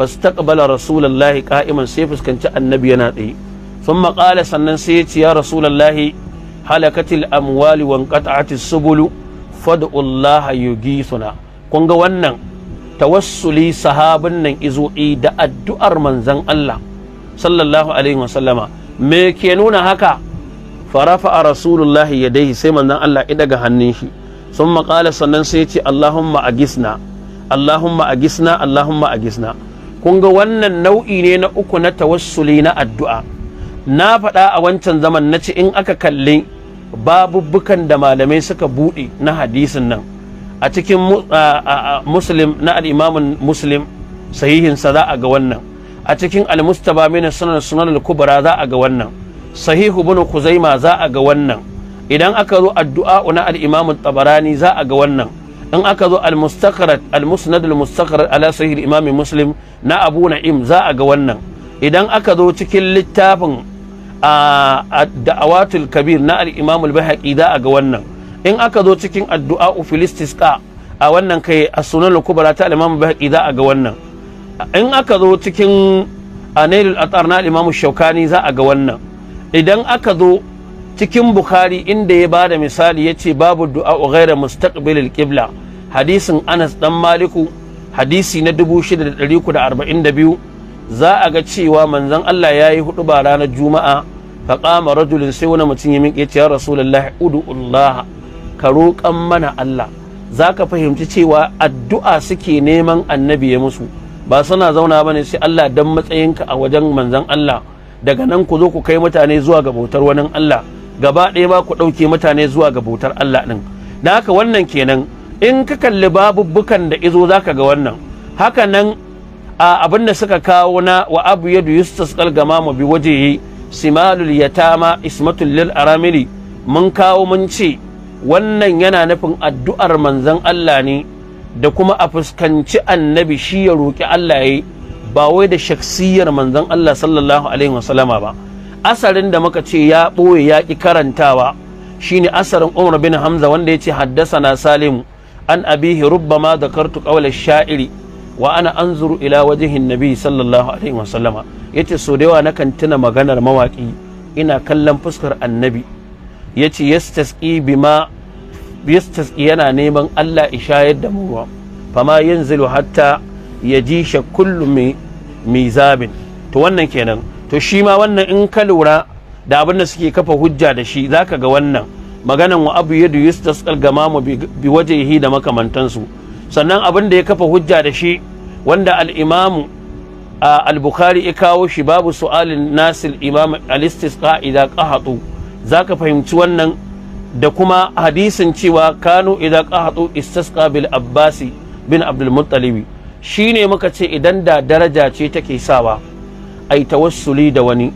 fastaqbala rasulullahi qa'iman sai fuskanci annabi yana tsaye sun qala sannan sai ya ce ya rasulullahi halakatil amwali wa qata'atis subulu fad'ullaha yugisuna kun ga wannan tawassuli sahabin nan izo'i da addu'ar manzon Allah sallallahu alaihi wasallama me ke nuna haka farafa a rasulullahi ya dai sai manzon Allah ya daga hannun shi sun maƙala sannan sai ya ce Allahumma agisna Allahumma agisna Allahumma agisna kun ga wannan nau'i ne na uku na tawassuli na addu'a na faɗa a wancan zaman na ce in aka kalli babubbukan da malamai suka buɗe na hadisin nan a cikin muslim na al'imamin muslim sahihinsa za a ga wannan a cikin almustaba min sunan sunan kubra za a ga wannan sahihu bin kuzaima za a ga wannan idan aka zo addu'a na al'imamin tabarani za a ga wannan in aka zo al-mustaqrat al-musnad al-mustaqrat ala sahih imam muslim na abu na'im za a ga wannan idan aka zo cikin littafin a da'awatul kabir na al-imam al-bahaqi za a ga wannan in aka zo cikin addu'a filistisqa a wannan kai as-sunan al-kubra ta al-imam al-bahaqi za a ga wannan in aka zo cikin anailul atar na al-imam shaukani za a ga wannan idan aka zo cikin bukhari inda ya bada misali ya ce babu du'a ghaira mustaqbilil qibla hadisin anas dan maliku hadisi na 6342 za a ga cewa manzon Allah ya yi hudu ba ranar juma'a fa qama rajulun sai wani mutum ya miƙe ya rasulullahi ud'ullah ka roƙan mana Allah za ka fahimci cewa addu'a suke neman annabi ya musu ba suna zauna ba ne sai Allah dan matsayinka a wajen manzon Allah daga nan ku zo ku kai mutane zuwa ga bautar wani Allah gaba ɗaya ma ku ɗauke mutane zuwa ga bautar Allah ɗin da haka wannan kenan in ka kalli babubbukan da izo za ka ga wannan haka nan a abin da suka kawo na wa abu yadu yustas kalgama mu bi waje yi simalul yatama ismatul lil aramili mun kawo mun ce wannan yana nufin addu'ar manzon Allah ne da kuma a fuskanci annabi shi ya roƙi Allah ya yi ba wai da shaksiyar manzon Allah sallallahu alaihi wasallama ba asarin da muka ce ya ɓoye ya ƙi karantawa shine asarin umar bin hamza wanda ya ce haddasa na salimu an abihi ma da kartu ƙaunar sha'iri wa ana an zuru ila wajihin nabi sallallahu alaihi sallama ya ce so da yawa na kantina maganar mawaƙi ina kallon fuskar annabi ya ce yastasƙi yana neman allah ishayar da mu ruwa fama zilu hatta ya ji shakullu mai zabin to wannan kenan to shi ma wannan in ka lura da abin da suke kafa hujja da shi za ka ga wannan maganan wa abu yadu gama mu bi yi da makamantansu sannan abin da ya kafa hujja da shi wanda al'imamu a al-bukhari ya kawo shi babu su'alin nasil imam al-istisqa idza za zaka fahimci wannan da kuma hadisin cewa kano idza qahatu istasqa bil abbasi bin abdul shi ne muka ce idan da daraja ce take sawa ai yi tawassuli da wani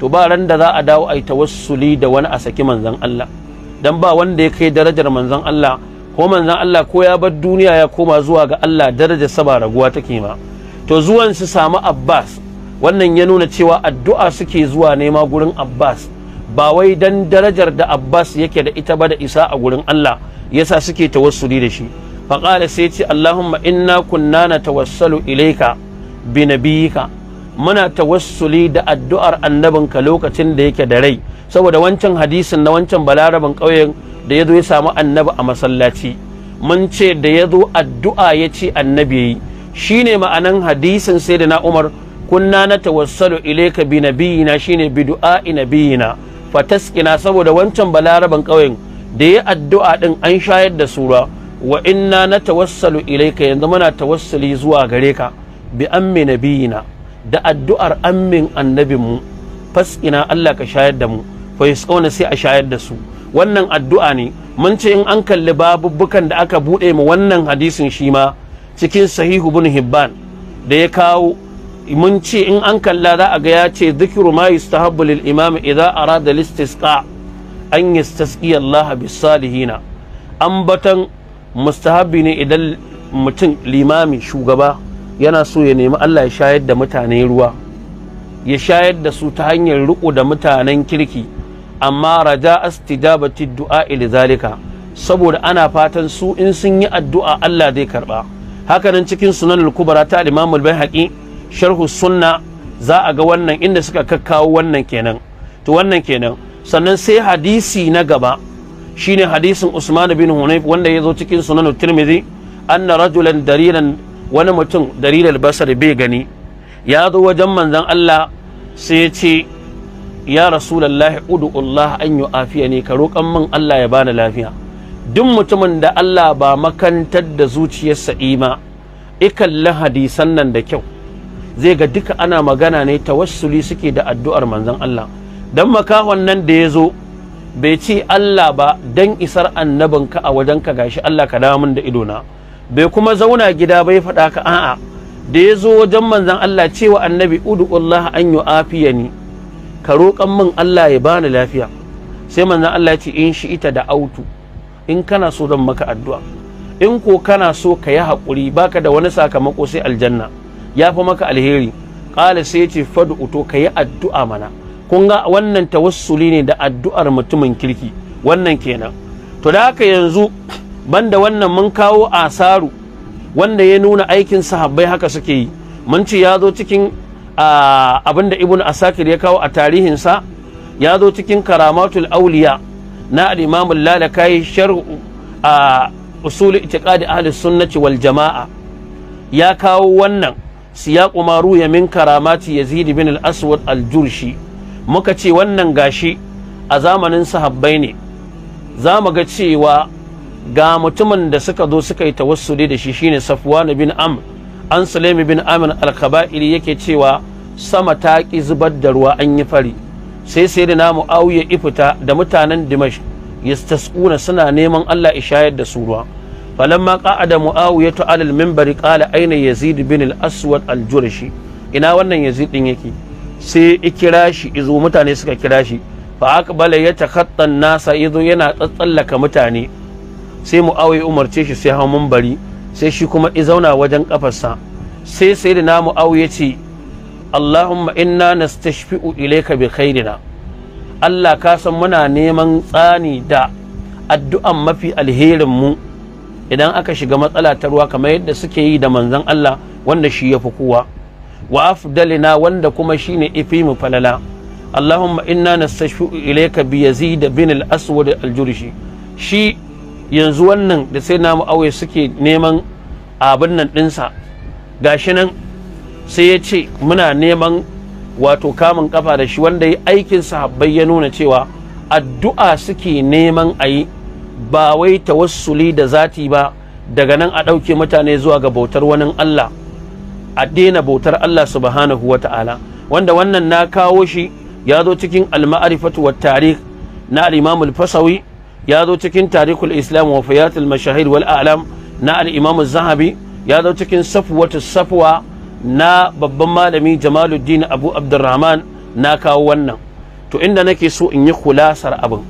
to ba ran da za a dawo ai yi tawassuli da wani a saki manzan Allah dan ba wanda ya kai darajar manzan Allah ko manzan Allah ko ya bar duniya ya koma zuwa ga Allah daraja saba raguwa take ma to zuwan su samu Abbas wannan ya nuna cewa addu'a suke zuwa nema gurin Abbas ba wai dan darajar da Abbas yake da ita ba da Isa a gurin Allah yasa suke tawassuli da shi qala sai ce Allahumma inna kunna natawassalu ilayka bi nabiyyika muna tawassuli da addu'ar annabinka lokacin da yake da rai saboda wancan hadisin na wancan balarabin ƙauyen da ya zo ya samu annabi a masallaci mun ce da ya zo addu'a ya ce annabi ya yi shi ne ma'anan hadisin sai da na umar kunna na tawassalu ilaika bi nabiyina shine bi du'a'i nabiyina fataskina saboda wancan balarabin ƙauyen da ya addu'a ɗin an shayar da sura wa inna na tawassalu ilaika yanzu muna tawassuli zuwa gare ka bi ammi nabiyina da addu'ar ammin annabinmu fasina Allah ka shayar da mu fa yasauna sai a shayar da su wannan addu'a ne mun ce in an kalli babubbukan da aka bude mu wannan hadisin shi ma cikin sahihu bin hibban da ya kawo mun ce in an kalla za a ga ya ce zikiru ma yustahabbu lil imam idza arada listisqa an yastasqi Allah bis salihina ambatan mustahabbi ne idan mutum limami shugaba yana so ya nemi Allah ya shayar da mutane ruwa ya shayar da su ta hanyar riko da mutanen kirki amma raja astijabati du'a il zalika saboda ana fatan su in sun yi addu'a Allah zai karba hakanan cikin sunan al-kubra ta al-imam al sharhu sunna za a ga wannan inda suka kakkawo wannan kenan to wannan kenan sannan sai hadisi na gaba shine hadisin Usman bin Hunayf wanda ya zo cikin sunan at-Tirmidhi anna rajulan dariran wani mutum dalilal basar bai gani ya zo wajen manzon Allah sai ya ce ya rasulullahi ud'ullah an afiya ne ka roƙan min Allah ya bani lafiya duk mutumin da Allah ba makantar da zuciyarsa ima ikan hadisan nan da kyau zai ga duka ana magana ne ta tawassuli suke da addu'ar manzon Allah dan makahon nan da ya zo bai ce Allah ba dan isar annabinka a wajen ka gashi Allah ka dawo min da idona bai kuma zauna gida bai faɗa ka a'a da ya zo wajen manzan Allah cewa annabi ud'ullah an afiya ni ka roƙan min Allah ya bani lafiya sai manzan Allah ce in shi ita da autu in kana so don maka addu'a in ko kana so ka yi haƙuri baka da wani sakamako sai aljanna ya fi maka alheri ƙala sai ya ce fadu uto ka yi addu'a mana kun ga wannan tawassuli ne da addu'ar mutumin kirki wannan kenan to da haka yanzu banda wannan mun kawo asaru wanda ya nuna aikin sahabbai haka suke yi mun ci ya zo cikin abin da ibn asakir ya kawo a tarihinsa ya zo cikin karamatul auliya na al'imamun lalakai shar'u a usul itiqadi ahli sunnati wal jama'a ya kawo wannan siyaqu ma ya min karamati yazid bin al-aswad al-jurshi muka ce wannan gashi a zamanin sahabbai ne za mu ga cewa ga mutumin da suka zo suka yi tawassuli da shi shine Safwan bin Am an Sulaimi bin Amin al-Kaba'ili yake cewa sama ta ki zubar da ruwa an yi fari sai sai da namu auya ifita da mutanen Dimash yastasquna suna neman Allah ya shayar da su ruwa falamma qa'ada ta alal minbari qala aina yazid bin al-aswad al-jurashi ina wannan yazid din yake sai ikira shi izo mutane suka kira shi fa aqbala yatakhatta an-nasa izo yana tsatsallaka mutane sai mu'awiya umarce shi sai hau bari sai shi kuma i zauna wajen kafarsa sai sai da na mu'awiya ce Allahumma inna nastashfi'u ilayka bi khairina Allah ka san muna neman tsani da addu'an mafi alherin mu idan aka shiga matsala ta ruwa kamar yadda suke yi da manzon Allah wanda shi ya fi kowa wa afdalina wanda kuma shine ifi mu falala Allahumma inna nastashfi'u ilayka bi yazid bin al-aswad al-jurshi shi yanzu wannan da sai namu awe suke neman abin nan ɗinsa gashi nan sai ya ce muna neman wato kamun kafa da shi wanda ya aikin sahabbai ya nuna cewa addu'a suke neman a yi ba wai tawassuli da zati ba daga nan a ɗauke mutane zuwa ga bautar wani Allah a daina bautar Allah subhanahu wa ta'ala wanda wannan na kawo shi ya zo cikin al-ma'rifatu wat na al-imam al-fasawi ya zo cikin tarikul islam wa fayatul mashahir wal a'lam na al-imam zahabi ya zo cikin safwatu safwa na babban malami jamaluddin abu abdurrahman na kawo wannan to inda nake so in yi kulasar abin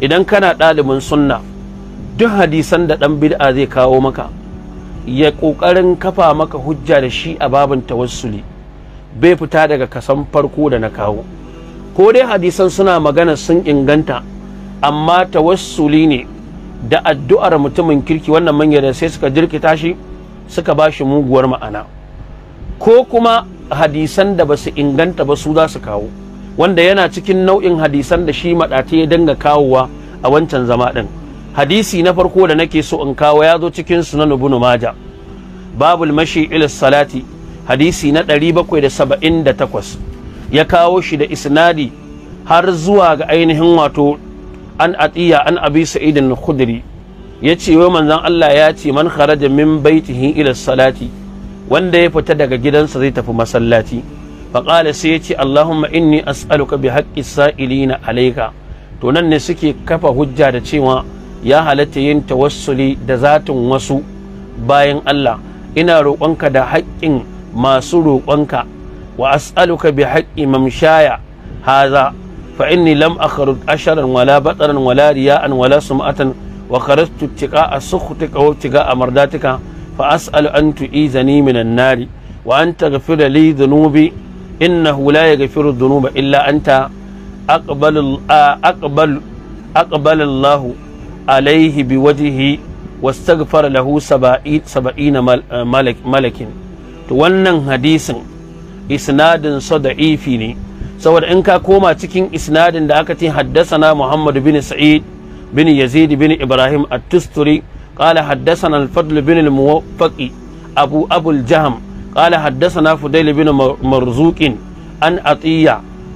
idan kana ɗalibin sunna duk hadisan da ɗan bid'a zai kawo maka ya ƙoƙarin kafa maka hujja da shi a babin tawassuli bai fita daga kasan farko da na kawo ko dai hadisan suna magana sun inganta amma tawassuli ne da addu'ar mutumin kirki wannan manyan sai suka jirkita shi suka ba shi muguwar ma'ana ko kuma hadisan da ba su inganta ba su za su kawo wanda yana cikin nau'in hadisan da shi maɗata ya danga kawowa a wancan zama ɗin hadisi na farko da nake so in kawo ya zo cikin na nubu numaja babul mashi ilis salati hadisi na 778 ya kawo shi da isnadi har zuwa ga ainihin wato an atiya an abi sa'idin khudri ya ce wai manzon Allah ya ce man kharaja min baitihi ila salati wanda ya fita daga gidansa zai tafi masallaci baƙala sai ya ce Allahumma inni as'aluka bi haqqis sa'ilina alayka to nan ne suke kafa hujja da cewa ya halatta yin tawassuli da zatin wasu bayan Allah ina roƙonka da haƙƙin masu roƙonka wa as'aluka bi haƙƙi mamshaya haza فإني لم أخرج أشرا ولا بطرا ولا رياء ولا سمعة وخرجت اتقاء سخطك أو اتقاء مرداتك فأسأل أن تؤيذني من النار وأن تغفر لي ذنوبي إنه لا يغفر الذنوب إلا أنت أقبل أقبل أقبل الله عليه بوجهه واستغفر له سبعين سبعين ملك ملك تولن wannan إسناد صدعي فيني saboda in ka koma cikin isnadin da aka ce haddasana Muhammad bin Sa'id bin Yazid bin Ibrahim at-Tusturi قال حدثنا bin بن الموفق أبو أبو الجهم قال حدثنا فديل بن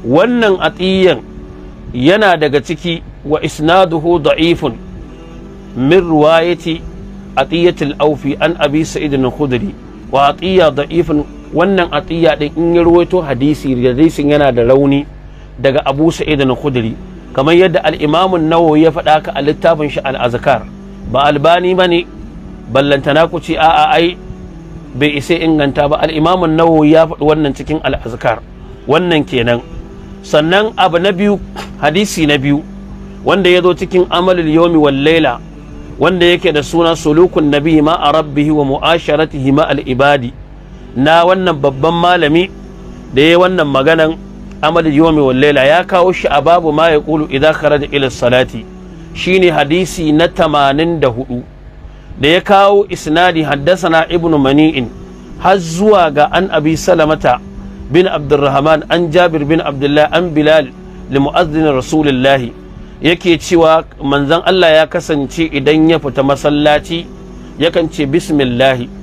wannan atiyan yana daga ciki wa isnaduhu da'ifun min riwayati atiyatil aufi an abi sa'id al-khudri wa atiya da'ifun wannan atiya din in ya ruwaito hadisi hadisin yana da rauni daga Abu Sa'id na khudri kamar yadda al-Imam an-Nawawi ya faɗa ka a littafin shi al-Azkar ba albani bane ballantana ku ce a'a ai bai isa inganta ba al-Imam an-Nawawi ya faɗi wannan cikin al-Azkar wannan kenan sannan abu na biyu hadisi na biyu wanda ya zo cikin amalul yawmi wal layla. wanda yake da suna sulukun nabi ma a rabbihi wa mu'asharatihi ma al-ibadi na wannan babban malami da ya wannan maganan amal yomi wallaila ya kawo shi a babu ma ya kulu idan kharaja ila salati shine hadisi na tamanin da da ya kawo isnadi na ibnu mani'in har zuwa ga an abi salamata bin abdurrahman an jabir bin abdullah an bilal li mu'azzin rasulullah yake cewa manzon Allah ya kasance idan ya fita masallaci yakan ce bismillahi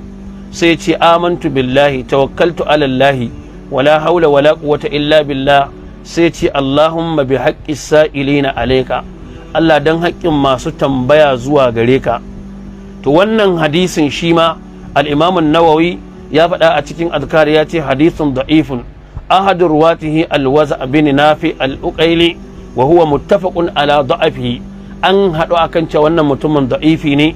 sai ce amantu billahi tawakkaltu alallahi wala haula wala quwwata illa billah sai ce Allahumma bi haqqis sa'ilina alayka Allah dan haƙƙin masu tambaya zuwa gare ka to wannan hadisin shi ma al-Imam nawawi ya faɗa a cikin azkar ya ce hadisin da'ifun ahadu ruwatihi al-waza' bin nafi al-uqaili wa huwa muttafaqun ala da'afihi an haɗu akan cewa wannan mutumin da'ifi ne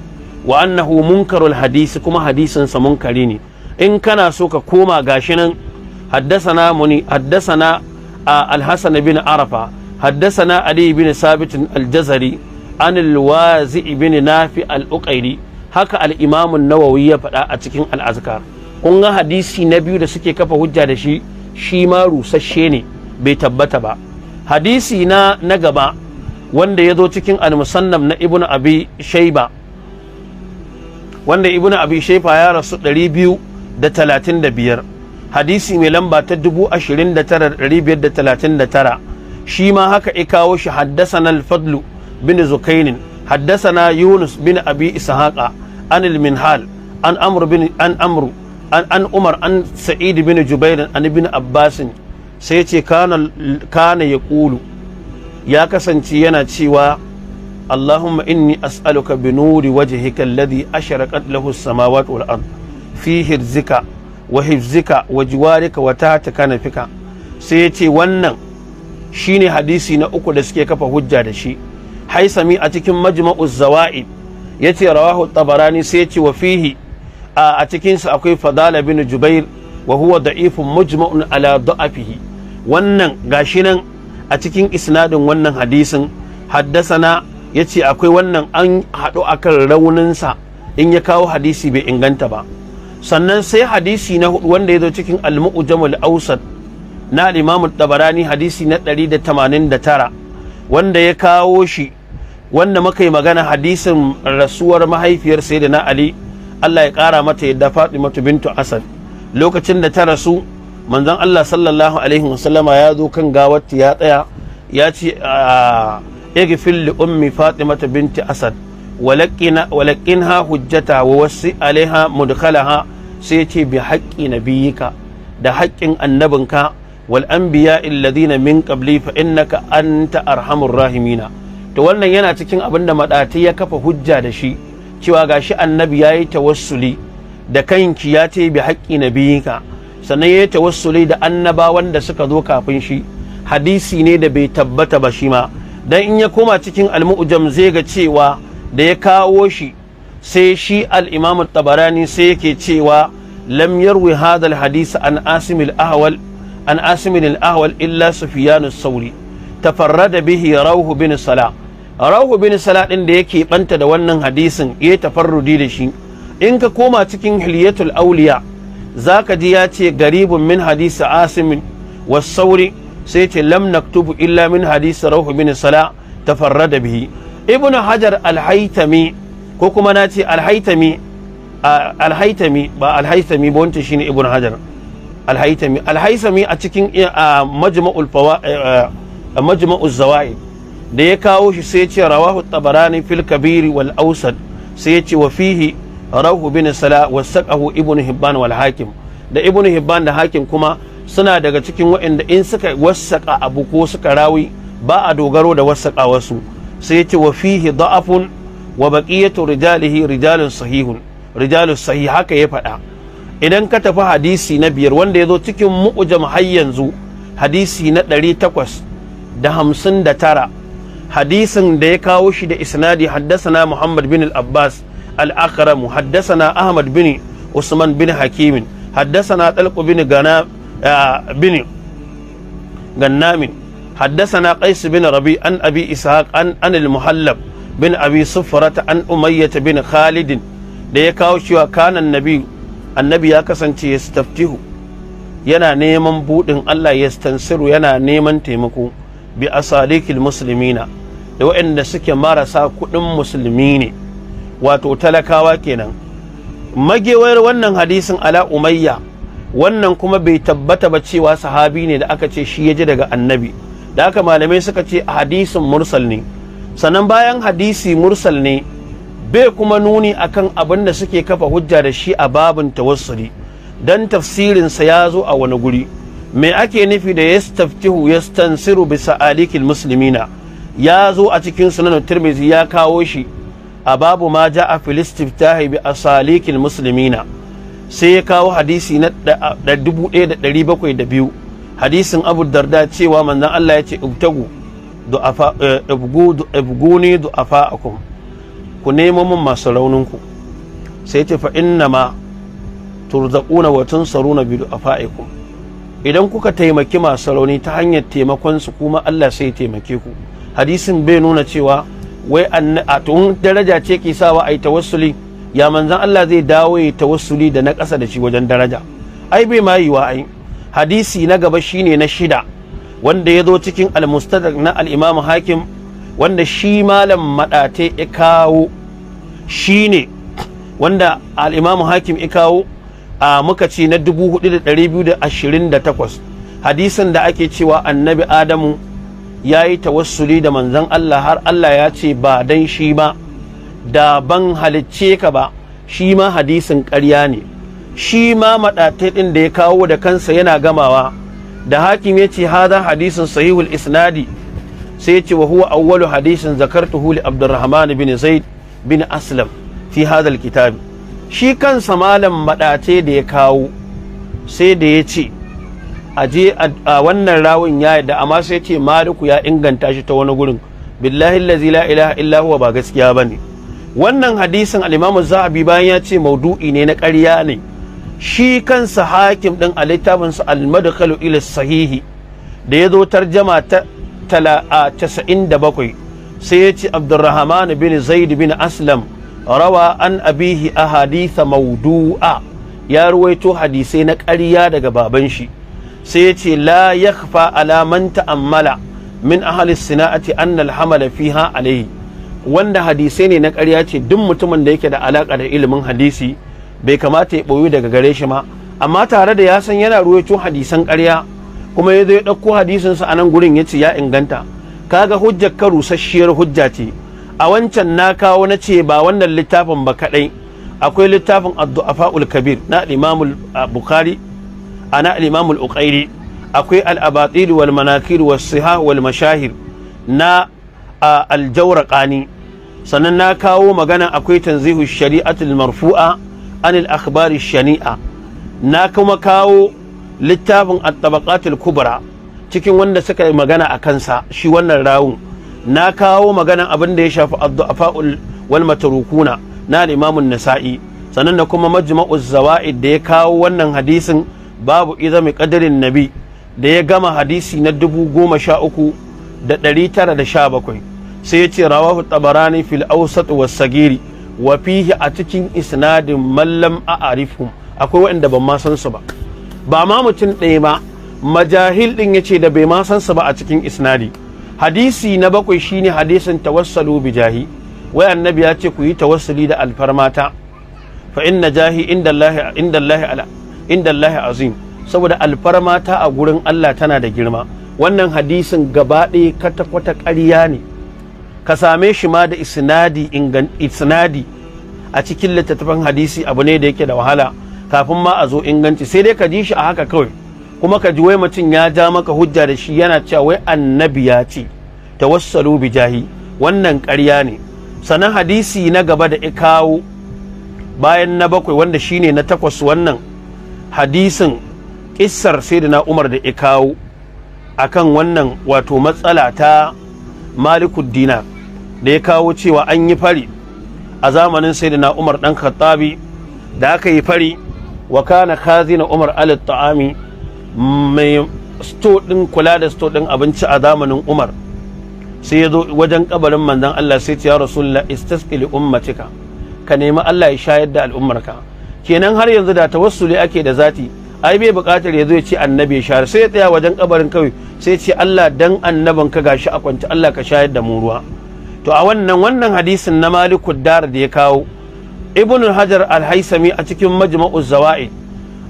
wa annahu munkarul hadisi kuma hadisin sa munkari ne in kana so ka koma gashi nan haddasana muni haddasana al-hasan bin arafa haddasana ali bin sabit al-jazari an al-wazi bin nafi al-uqairi haka al-imam an-nawawi ya faɗa a cikin al-azkar kun ga hadisi na biyu da suke kafa hujja da shi shi ma rusasshe ne bai tabbata ba hadisi na na gaba wanda ya zo cikin al-musannam na ibnu abi shayba wanda ibnu abi shaifa ya rasu 235 hadisi mai lamba ta 29539 shi ma haka ya shi haddasana al-fadlu bin zukainin haddasana yunus bin abi ishaqa an al-minhal an amr bin an amru an an umar an sa'id bin jubair an ibn abbas sai ce kana kana ya kulu ya kasance yana cewa اللهم إني أسألك بنور وجهك الذي أشرقت له السماوات والأرض في هرزك وحفزك وجوارك وتحتك نفك سيتي ونن شيني حديثي نأكو دسكيك فهجة دشي حيثمي أتكم مجمع الزوائد يتي رواه الطبراني سيتي وفيه أتكين سأقول فضال بن جبير وهو ضعيف مجمع على ضعفه ونن غاشنن أتكين إسناد ونن حديث حدثنا ya ce akwai wannan an haɗu akan rauninsa in ya kawo hadisi bai inganta ba sannan sai hadisi na hudu wanda ya zo cikin al jamal awsat na al tabarani hadisi na 189 wanda ya kawo shi wanda muka yi magana hadisin rasuwar mahaifiyar na ali Allah ya kara mata yadda mata bintu Asad lokacin da ta rasu manzon Allah sallallahu alaihi wasallama ya zo kan gawarta ya tsaya ya ce ah, اغفر لأم فاطمة بنت أسد ولقنا ولقنها حجتها ووسع عليها مدخلها سيتي بحق نبيك ده حق النبنك والأنبياء الذين من قبلي فإنك أنت أرحم الراحمين to wannan yana cikin abin da maɗati ya kafa hujja da shi cewa gashi annabi ya yi tawassuli da kanki ya ce bi haƙƙi na biyinka sannan ya yi tawassuli da annabawan da suka zo kafin shi hadisi ne da bai tabbata ba shi ma dan in ya koma cikin al-mu'jam zai ga cewa da ya kawo shi sai shi al-imam tabarani sai yake cewa lam yarwi hadha al-hadith an asim al-ahwal an asim al-ahwal illa sufyan as-sawri tafarrada bihi rawhu bin sala rawhu bin sala din da yake banta da wannan hadisin ya tafarrudi da shi in ka koma cikin hilyatul awliya zaka ji ya ce garibun min hadisi asim was-sawri sai ce lam naktubu illa min hadisi rahu bin sala tafarrada bihi ibn hajar alhaitami ko kuma na ce alhaitami alhaitami ba alhaitami ba wancan shine ibn hajar alhaitami alhaitami a cikin majma'ul majma'ul zawaid da ya kawo shi sai ce rawahu tabarani fil kabiri wal ausad sai ce wa fihi rahu bin sala wasaqahu ibn hibban wal hakim da ibn hibban da hakim kuma suna daga cikin waɗanda in suka wasaƙa abu ko suka rawi ba a dogaro da wasaƙa wasu sai ce wa fihi da'afun wa baqiyatu rijalihi rijalun sahihun rijalun sahih haka ya faɗa idan ka tafi hadisi na biyar wanda ya zo cikin mu'jam har yanzu hadisi na ɗari takwas da hamsin da tara hadisin da ya kawo shi da isnadi haddasana muhammad bin al-abbas al-akramu haddasana ahmad bin usman bin hakimin haddasana talq bin gana بن غنام حدثنا قيس بن ربي عن ابي اسحاق عن عن المحلب بن ابي صفرة عن اميه بن خالد da ya kawo cewa kanan nabi annabi ya kasance ya staftihu yana neman budin Allah ya stansiru yana neman taimako bi asalikil muslimina da waɗanda suke marasa kuɗin musulmi ne wato talakawa kenan magewar wannan hadisin ala umayya wannan kuma bai tabbata ba cewa sahabi ne da aka ce shi ya ji daga annabi da aka malamai suka ce a hadisin mursal ne sannan bayan hadisi mursal ne bai kuma nuni akan abin da suke kafa hujja da shi a babin tawassuli dan tafsirinsa ya zo a wani guri me ake nufi da yastaftihu yastansiru bisa sa'alikil muslimina ya zo a cikin sunan tirmizi ya kawo shi a babu ma ja a filistiftahi bi asalikil muslimina sai ya kawo hadisi na 1702 hadisin abu darda cewa manzan Allah ya ce ubtagu ibguni du'afa eh, akum ku nemo min masu rauninku sai ce fa inna ma turzaquna wa biyu bi du'afaikum idan kuka taimaki masu rauni ta hanyar taimakonsu kuma Allah sai taimake ku hadisin bai nuna cewa wai a tun daraja ce ke sawa a yi tawassuli ya manzan Allah zai dawo ya tawassuli da na ƙasa da shi wajen daraja ai bai ma yiwa ai hadisi na gaba shine na shida wanda ya zo cikin almustadrak na al-Imam Hakim wanda shi malam madate ya kawo shine wanda al-Imam Hakim ya kawo a muka ce na 4228 hadisin da ake cewa annabi Adamu ya yi tawassuli da manzan Allah har Allah ya ce ba dan shi ba da ban halicce ka ba shi ma hadisin karya ne shi ma maɗatai ɗin da ya kawo da kansa yana gamawa da hakim ya ce haza hadisin sahihul isnadi sai ya ce wa huwa awwalu hadisin zakartuhu li abdurrahman bin zaid bin aslam fi hadal kitab shi kansa malam maɗatai da ya kawo sai da ya ce a je a wannan rawun ya da amma sai ce maliku ya inganta shi ta wani gurin billahi lazi la ilaha illa huwa ba gaskiya bane wannan hadisin al zahabi bayan ya ce maudu'i ne na ƙarya ne shi kansa hakim ɗin a littafinsa al ila sahihi da ya zo tarjama ta casa'in da bakwai sai ya ce abdurrahman bin zaid bin aslam rawa an abihi a haditha maudu'a ya ruwaito hadisai na ƙarya daga baban shi sai ya ce la yakfa alaman ta'ammala min ahli sina'ati annal hamala fiha alaihi wanda hadisai ne na ƙarya ce duk mutumin da yake da alaƙa da ilimin hadisi bai kamata ya ɓoyi daga gare shi ma amma tare da ya san yana ruwaito hadisan ƙarya kuma ya zo ya ɗauko hadisinsa a nan gurin ya ce ya inganta kaga hujjar ka rusasshiyar hujja ce a wancan na kawo na ce ba wannan littafin ba kaɗai akwai littafin addu'afa'ul kabir na imamul bukhari na akwai al-abatil wal manakir was sihah wal mashahir na a aljawarqani sannan na kawo magana akwai tanzihu shari'atul marfu'a anil akhbari shani'a na kuma kawo littafin at-tabaqatul kubra cikin wanda suka yi magana a kansa shi wannan rawun na kawo magana abin da ya shafi ad-du'afa'ul wal matrukuna na al-imamun nasa'i sannan da kuma majma'uz zawa'id da ya kawo wannan hadisin babu izami qadarin nabi da ya gama hadisi na dubu goma sha uku da ɗari tara da sha bakwai sai ya ce rawahu tabarani fil ausat wa sagiri wa fihi a cikin isnadin mallam a arifum akwai waɗanda ban ma san su ba ba ma mutum ɗaya ba majahil ɗin ya ce da bai ma san su ba a cikin isnadi hadisi na bakwai shine hadisin tawassalu bi jahi wai annabi ya ce ku yi tawassuli da alfarmata fa inna jahi inda Allah inda azim saboda alfarmata a gurin Allah tana da girma wannan hadisin gaba ɗaya kwata ƙarya ne ka same shi ma da isnadi a cikin littattafan hadisi abu ne da yake da wahala kafin ma a zo inganci sai dai ka ji shi a haka kawai kuma ka ji wai mutum ya ja maka hujja da shi yana cewa wai annabi ya ce tawassalu bi jahi wannan ƙarya ne sannan hadisi na gaba da kawo bayan na bakwai wanda shine na takwas wannan hadisin kissar na Umar da kawo akan wannan wato matsala ta malikuddina da ya kawo cewa an yi fari a zamanin sayyidina Umar dan Khattabi da aka yi fari wa kana khazina Umar al-Ta'ami mai sto din kula da sto din abinci a zamanin Umar sai ya zo wajen kabarin manzon Allah sai ya rasulullah istasqi li ummatika ka nemi Allah ya shayar da al'ummarka kenan har yanzu da tawassuli ake da zati ai bai buƙatar ya zo ya ce annabi ya share sai ya tsaya wajen kabarin kawai sai ce Allah dan annaban ka gashi a kwance Allah ka shayar da mu ruwa to a wannan wannan hadisin na Maliku Dar da ya kawo Ibn Hajar Al-Haisami a cikin Majma'uz Zawaid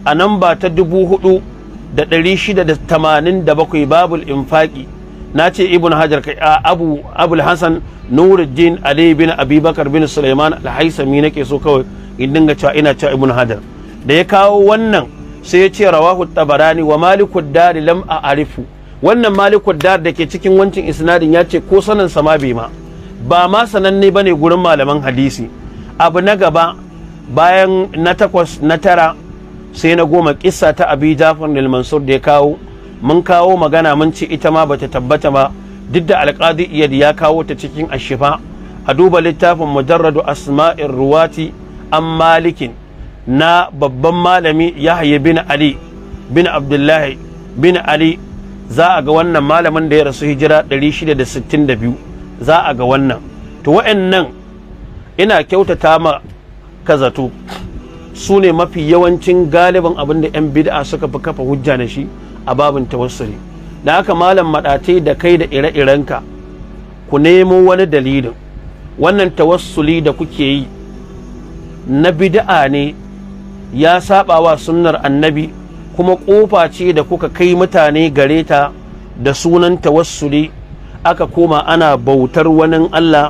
a nan ba ta 4687 babul infaqi na ce Ibn Hajar kai Abu Abul Hasan Nuruddin Ali bin Abubakar bin Sulaiman Al-Haisami nake so kawai in dinga cewa ina cewa Ibn Hajar da ya kawo wannan sai ya ce rawahu tabarani wa malikud dar lam a'rifu wannan malikud dar da ke cikin wancin isnadin ya ce ko sanin sama bai ma ba ma sananne bane gurin malaman hadisi abu na gaba bayan na takwas na tara sai na goma kissa ta abi jafar mansur da ya kawo mun kawo magana mun ce ita ma bata tabbata ba duk da alqadi iyad ya kawo ta cikin ashifa a duba littafin mujarradu asma'in ruwati an malikin na babban malami yahya bin ali bin abdullahi bin ali za a ga wannan malamin da ya rasu hijira 662 za a ga wannan to wa'annan ina kyautata ma kazato su ne mafi yawancin galibin abin da 'yan bid'a suka fi kafa hujja na shi a babin tawassuli da aka malam maɗate da kai da ire-irenka ku nemo wani dalilin wannan tawassuli da kuke yi na bid'a ne ya saba wa sunnar annabi kuma kofa ce da kuka kai mutane gare ta da sunan tawassuli aka koma ana bautar wani Allah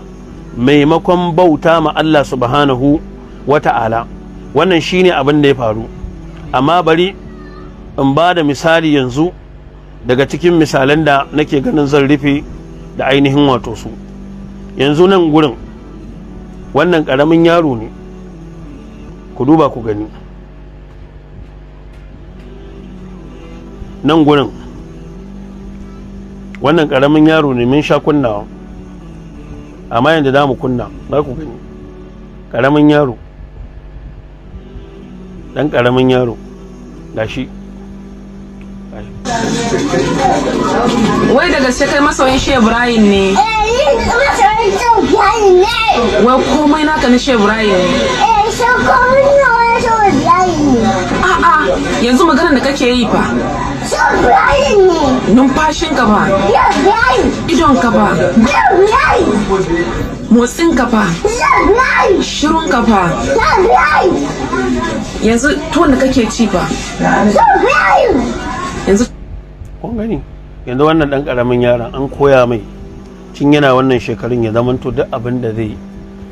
maimakon bauta ma Allah subhanahu wa ta'ala wannan shine abin da ya faru amma bari in ba da misali yanzu daga cikin misalan da nake ganin zan rufe da ainihin wato su yanzu nan gurin wannan ƙaramin yaro ne ku duba ku gani nan gurin wannan ƙaramin yaro ne mun sha kunnawa amma yadda za mu kunna za ku gani ƙaramin yaro dan karamin yaro ga shi
wai da gaske kai masoyin shi ibrahim ne wai komai naka na eh, shi ibrahim ne a'a yanzu magana da kake yi fa Yau yayi
ne. Numfashin ka ba. Idon ka ba. Motsin ka ba. Yau ka ba. Yanzu tuwon kake ci ba. Yanzu. Kun gani? Yanzu wannan ɗan ƙaramin yaron an koya mai tun yana wannan shekarun ya zamanto duk abin da zai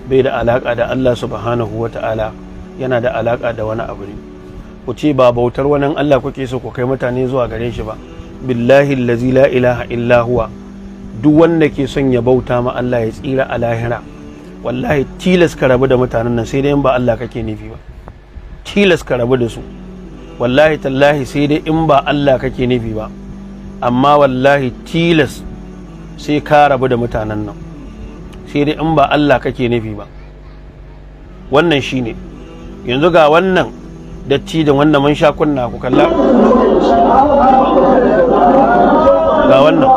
bai da alaƙa da Allah subhanahu wa ta'ala yana da alaƙa da wani abu ne. ku ce ba bautar wani Allah kuke so ku kai mutane zuwa gare shi ba billahi allazi la ilaha illa huwa duk wanda ke son ya bauta ma Allah ya tsira a lahira wallahi tilas ka rabu da mutanen nan sai dai in ba Allah kake nufi ba tilas ka rabu da su wallahi tallahi sai dai in ba Allah kake nufi ba amma wallahi tilas sai ka rabu da mutanen nan sai dai in ba Allah kake nufi ba wannan shine yanzu ga wannan da wannan mun sha kunna ku kalla ga wannan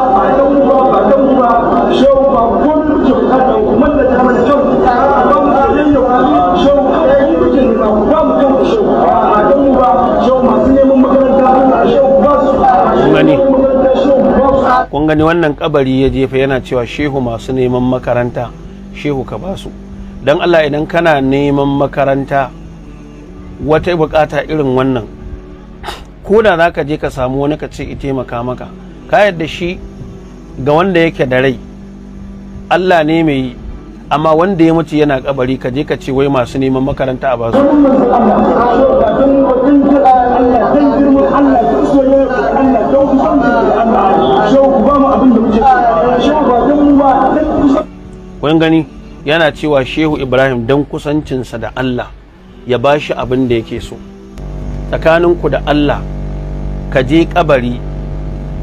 kun gani wannan kabari ya jefa yana cewa shehu masu neman makaranta shehu ka basu don allah idan kana neman makaranta wata bukata irin wannan ko da za ka je ka samu wani ka ce taimaka maka ka yadda shi ga wanda yake da rai Allah ne mai amma wanda ya mutu yana kabari ka je ka ce wai masu neman makaranta a basu kun gani yana cewa shehu ibrahim don kusancinsa da Allah ya ba shi abin da yake so tsakaninku da Allah ka je kabari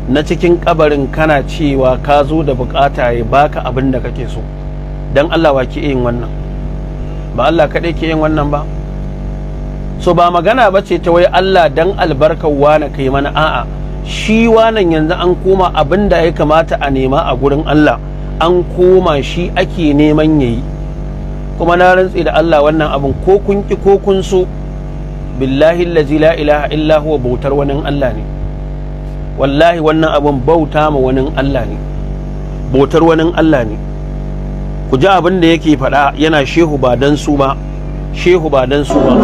na cikin kabarin kana cewa ka zo da bukata ya baka abin da kake so don Allah wa ke yin wannan ba Allah kaɗai ke yin wannan ba so ba magana ba ce ta wai Allah dan albarkar wane kai mana a'a shi wanan yanzu an koma abin da ya kamata a nema a gurin Allah an koma shi ake neman yayi kuma na rantse da Allah wannan abin ko kun ki ko kun so billahi allazi la ilaha illa huwa bautar wani Allah ne wallahi wannan abin bauta ma wani Allah ne bautar wani Allah ne ku ji abin da yake faɗa yana shehu ba dan su ba shehu ba dan su ba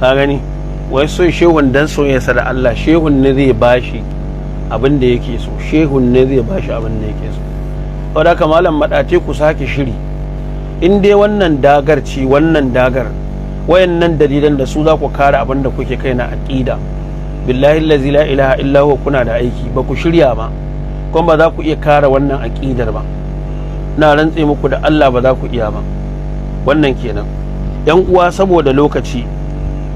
ka gani wai so shehun dan soyayyarsa da Allah shehun ne zai bashi abin da yake so shehun ne zai bashi abin da yake so saboda ka malam madace ku sake shiri in dai wannan dagar ci wannan dagar wayannan dalilan da su za ku kare abin da kuke kai na aqida billahi allazi la ilaha illa huwa kuna da aiki ba ku shirya ba kuma ba za ku iya kare wannan aqidar ba na rantse muku da Allah ba za ku iya ba wannan kenan yan uwa saboda lokaci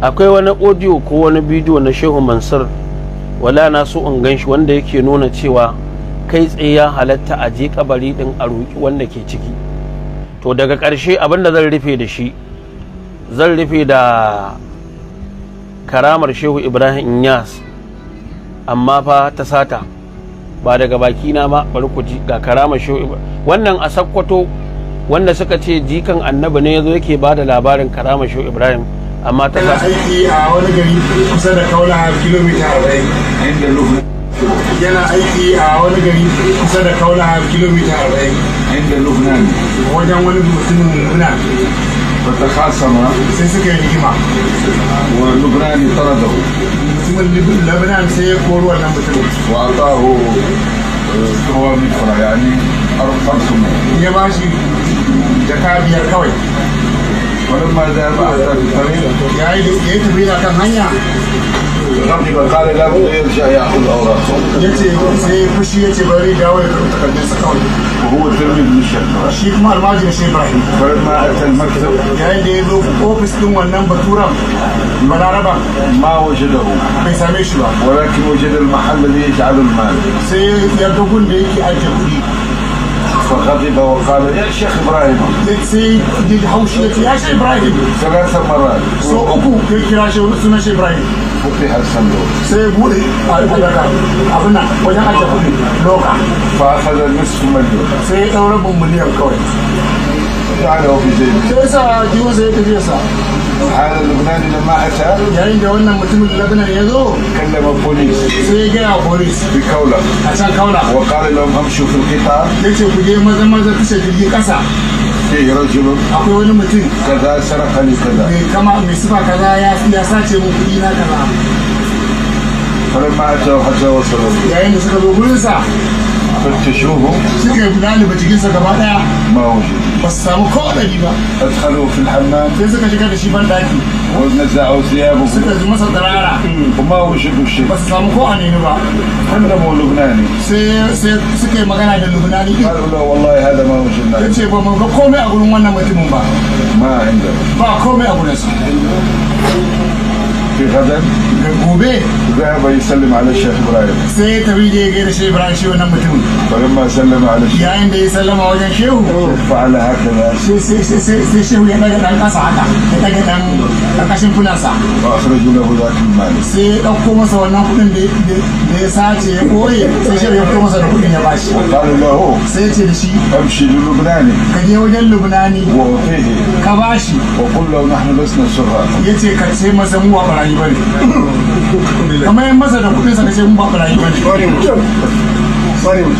akwai wani audio ko wani bidiyo na shehu mansur wala na so in gan shi wanda yake nuna cewa kai tsaye ya halatta a je kabari din a roƙi wanda ke ciki to daga karshe abin da zan rufe da shi zan rufe da karamar shehu ibrahim yas amma fa ta sata ba daga baki na ma bari ku ji ga karamar shehu wannan a sakkwato wanda suka ce jikan annabi ne yazo yake ba da labarin karamar shehu ibrahim amma ta sa aiki
a wani gari kusa da kaula kilomita 40 yana aiki a wani gari kusa da kaula kilomita 40 inda lubnan wajen wani mutumin muna فتخاصما سيسكي ريما واللبناني طرده ثم لبنان سيقول ولا مثله واعطاه درهم اخرى يعني 500 يا ماشي جكابي الكوي ولما ذهب حتى في الطريق ربي قال له يرجع ياخذ اوراقه. وهو تلميذ من الشيخ الشيخ مال ما جاي شيخ ابراهيم. فلما اتى المكتب يعني دي اوبس دوم النمبر تورم بالعربه ما وجده ولكن وجد المحل الذي يجعل المال. سي يدوبون ليك اجل فغضب وقال يا شيخ ابراهيم سيد دي حوشيتي يا شيخ ابراهيم ثلاث مرات سو اوكو كيرا شيخ سنة شيخ ابراهيم فتح الصندوق سيبوري ابنا وجا حاجه لوكا فاخذ النصف مليون سيد رب مليون كويس جعله في جيبه سيسا جوزي تبيسا hala lubnani da ma'aita yayin da wannan mutumin labinar ya zo kan polis sai ya gaya polis bi kaula a can kaula wa kare lam amshu fil ce ku je maza maza ku sai jirgin kasa ke yi rajulu wani mutum kaza sarafa kaza mai kama mai sifa kaza ya ya sace mu kudi na kaza kare ma'aita wa hajjar wasu rasu yayin da suka zo gurinsa fattashuhu suka yi fulani bacikinsa gaba daya ba su samu ko ɗari ba adkhalu fil hammam sai suka shiga da shi ban daki wa naza'u thiyabuhu suka ji masa darara hmm, kuma wa shi shi ba su samu ko anini ba handa mu lugnani sai sai suka yi magana da lugnani din Allah wallahi hada ma wa shinna yace ba mu ga komai a gurin ba a gurin sa gobe za a yi sallama ala ibrahim sai ta bi da ya gaida shekh ibrahim shi wannan mutum bari ma sallama ala shekh yayin da ya sallama wajen shehu fa'ala haka da sai shehu ya daga dan kasa haka ya daga dan karkashin kunansa ba a sarrafa juna ba sai ya ɗauko masa wannan kuɗin da ya sace ya koye sai shehu ya fito masa da kuɗin ya bashi sai ya ce da shi amshi lubnani ka je wajen lubnani ka bashi wa kullu nahnu lasna surra yace ka ce masa mu wa barayi bane <coughs> amma yan masa da kudin sa kace mun ba barayi ne.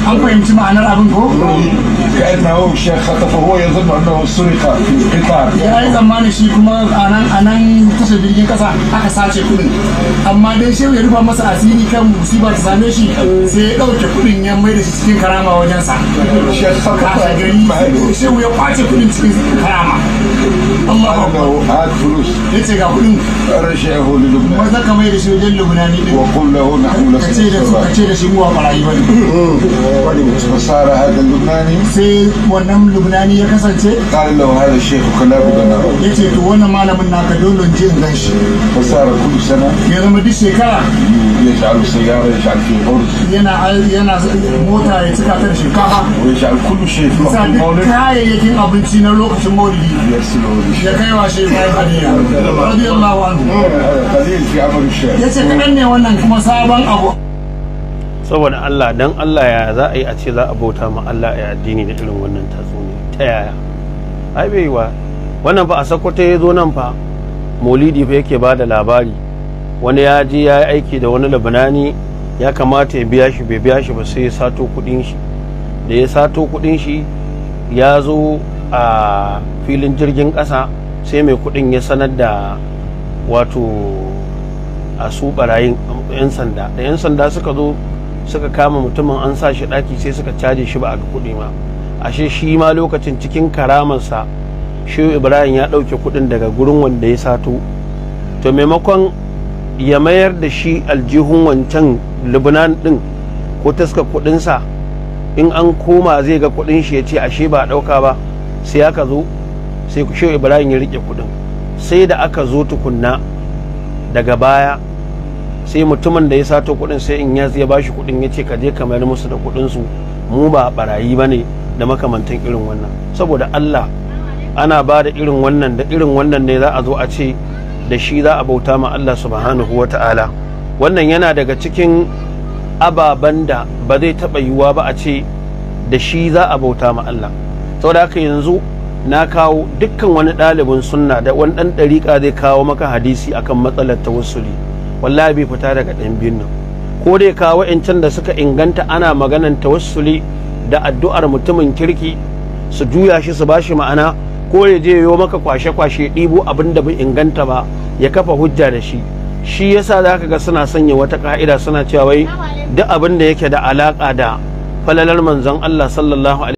an fahimci ma'anar abin ko mm. yayin da ya shi kuma anan anan tashar jirgin kasa aka sace kudin amma dai shehu ya rufa masa asiri kan musibar ta same shi sai ya dauke kudin ya mai cikin karama wajen sa shehu ya kwace kudin cikin karama Allah ya ga hat fulus ya ce ga kudin ne lubna ba za ka mai shi wajen lubna ne wa kun lahu nahnu lasu ka da su ka ce da shi muwa barayi bane wani mutum sara hadin lubna ne wannan lubnani ya kasance kalin lau hada shekhu kala ya ce to wannan malamin naka dole in gan shi sana ya zama duk shekara ya ya shekaru yana yana mota ya cika ta shekara ya sa duk kayayyakin abinci na lokacin maulidi ya kai wa radiyallahu anhu kalil fi ya ce kaɗan ne wannan kuma sabon abu
saboda Allah dan Allah ya za a yi a ce za a bauta ma Allah ya addini da irin wannan tatsuniya ta yaya ai bai wa wannan ba a sakwata ya zo nan fa maulidi fa yake ba da labari wani ya je ya yi aiki da wani labanani ya kamata ya biya shi bai biya shi ba sai ya sato kudin shi da ya sato kudin shi ya zo a filin jirgin ƙasa sai mai kudin ya sanar da wato a su barayin 'yan sanda da 'yan sanda suka zo suka kama mutumin an sa shi ɗaki sai suka caje shi ba a ga kuɗi ma ashe shi ma lokacin cikin karamarsa shi ibrahim ya ɗauke kuɗin daga gurin wanda ya sato to maimakon ya mayar da shi aljihun wancan lubnan ɗin ko taska kuɗinsa in an koma zai ga kuɗin shi ya ce ashe ba a ɗauka ba sai aka zo sai shi ibrahim ya rike kuɗin sai da aka zo tukunna daga baya sai mutumin da ya sato kuɗin sai in ya ya bashi kuɗin ya ce ka je kamar musu da kuɗin su mu ba barayi ba ne da makamantan irin wannan saboda Allah ana ba da irin wannan da irin wannan ne za a zo a ce da shi za a bauta ma Allah subhanahu wa ta'ala wannan yana daga cikin ababen da ba zai taɓa yiwuwa ba a ce da shi za a bauta ma Allah saboda haka yanzu na kawo dukkan wani ɗalibin sunna da wani ɗan ɗariƙa zai kawo maka hadisi akan matsalar tawassuli wallahi bai fita daga ɗan biyun nan ko dai ka wa'incan da suka inganta ana maganan tawassuli da addu'ar mutumin kirki su juya shi su ba shi ma'ana ko ya je yo maka kwashe-kwashe ɗibo abin da bai inganta ba ya kafa hujja da shi shi yasa za ka ga suna sanya wata ka'ida suna cewa wai duk abin da yake da alaƙa da falalar manzon Allah sallallahu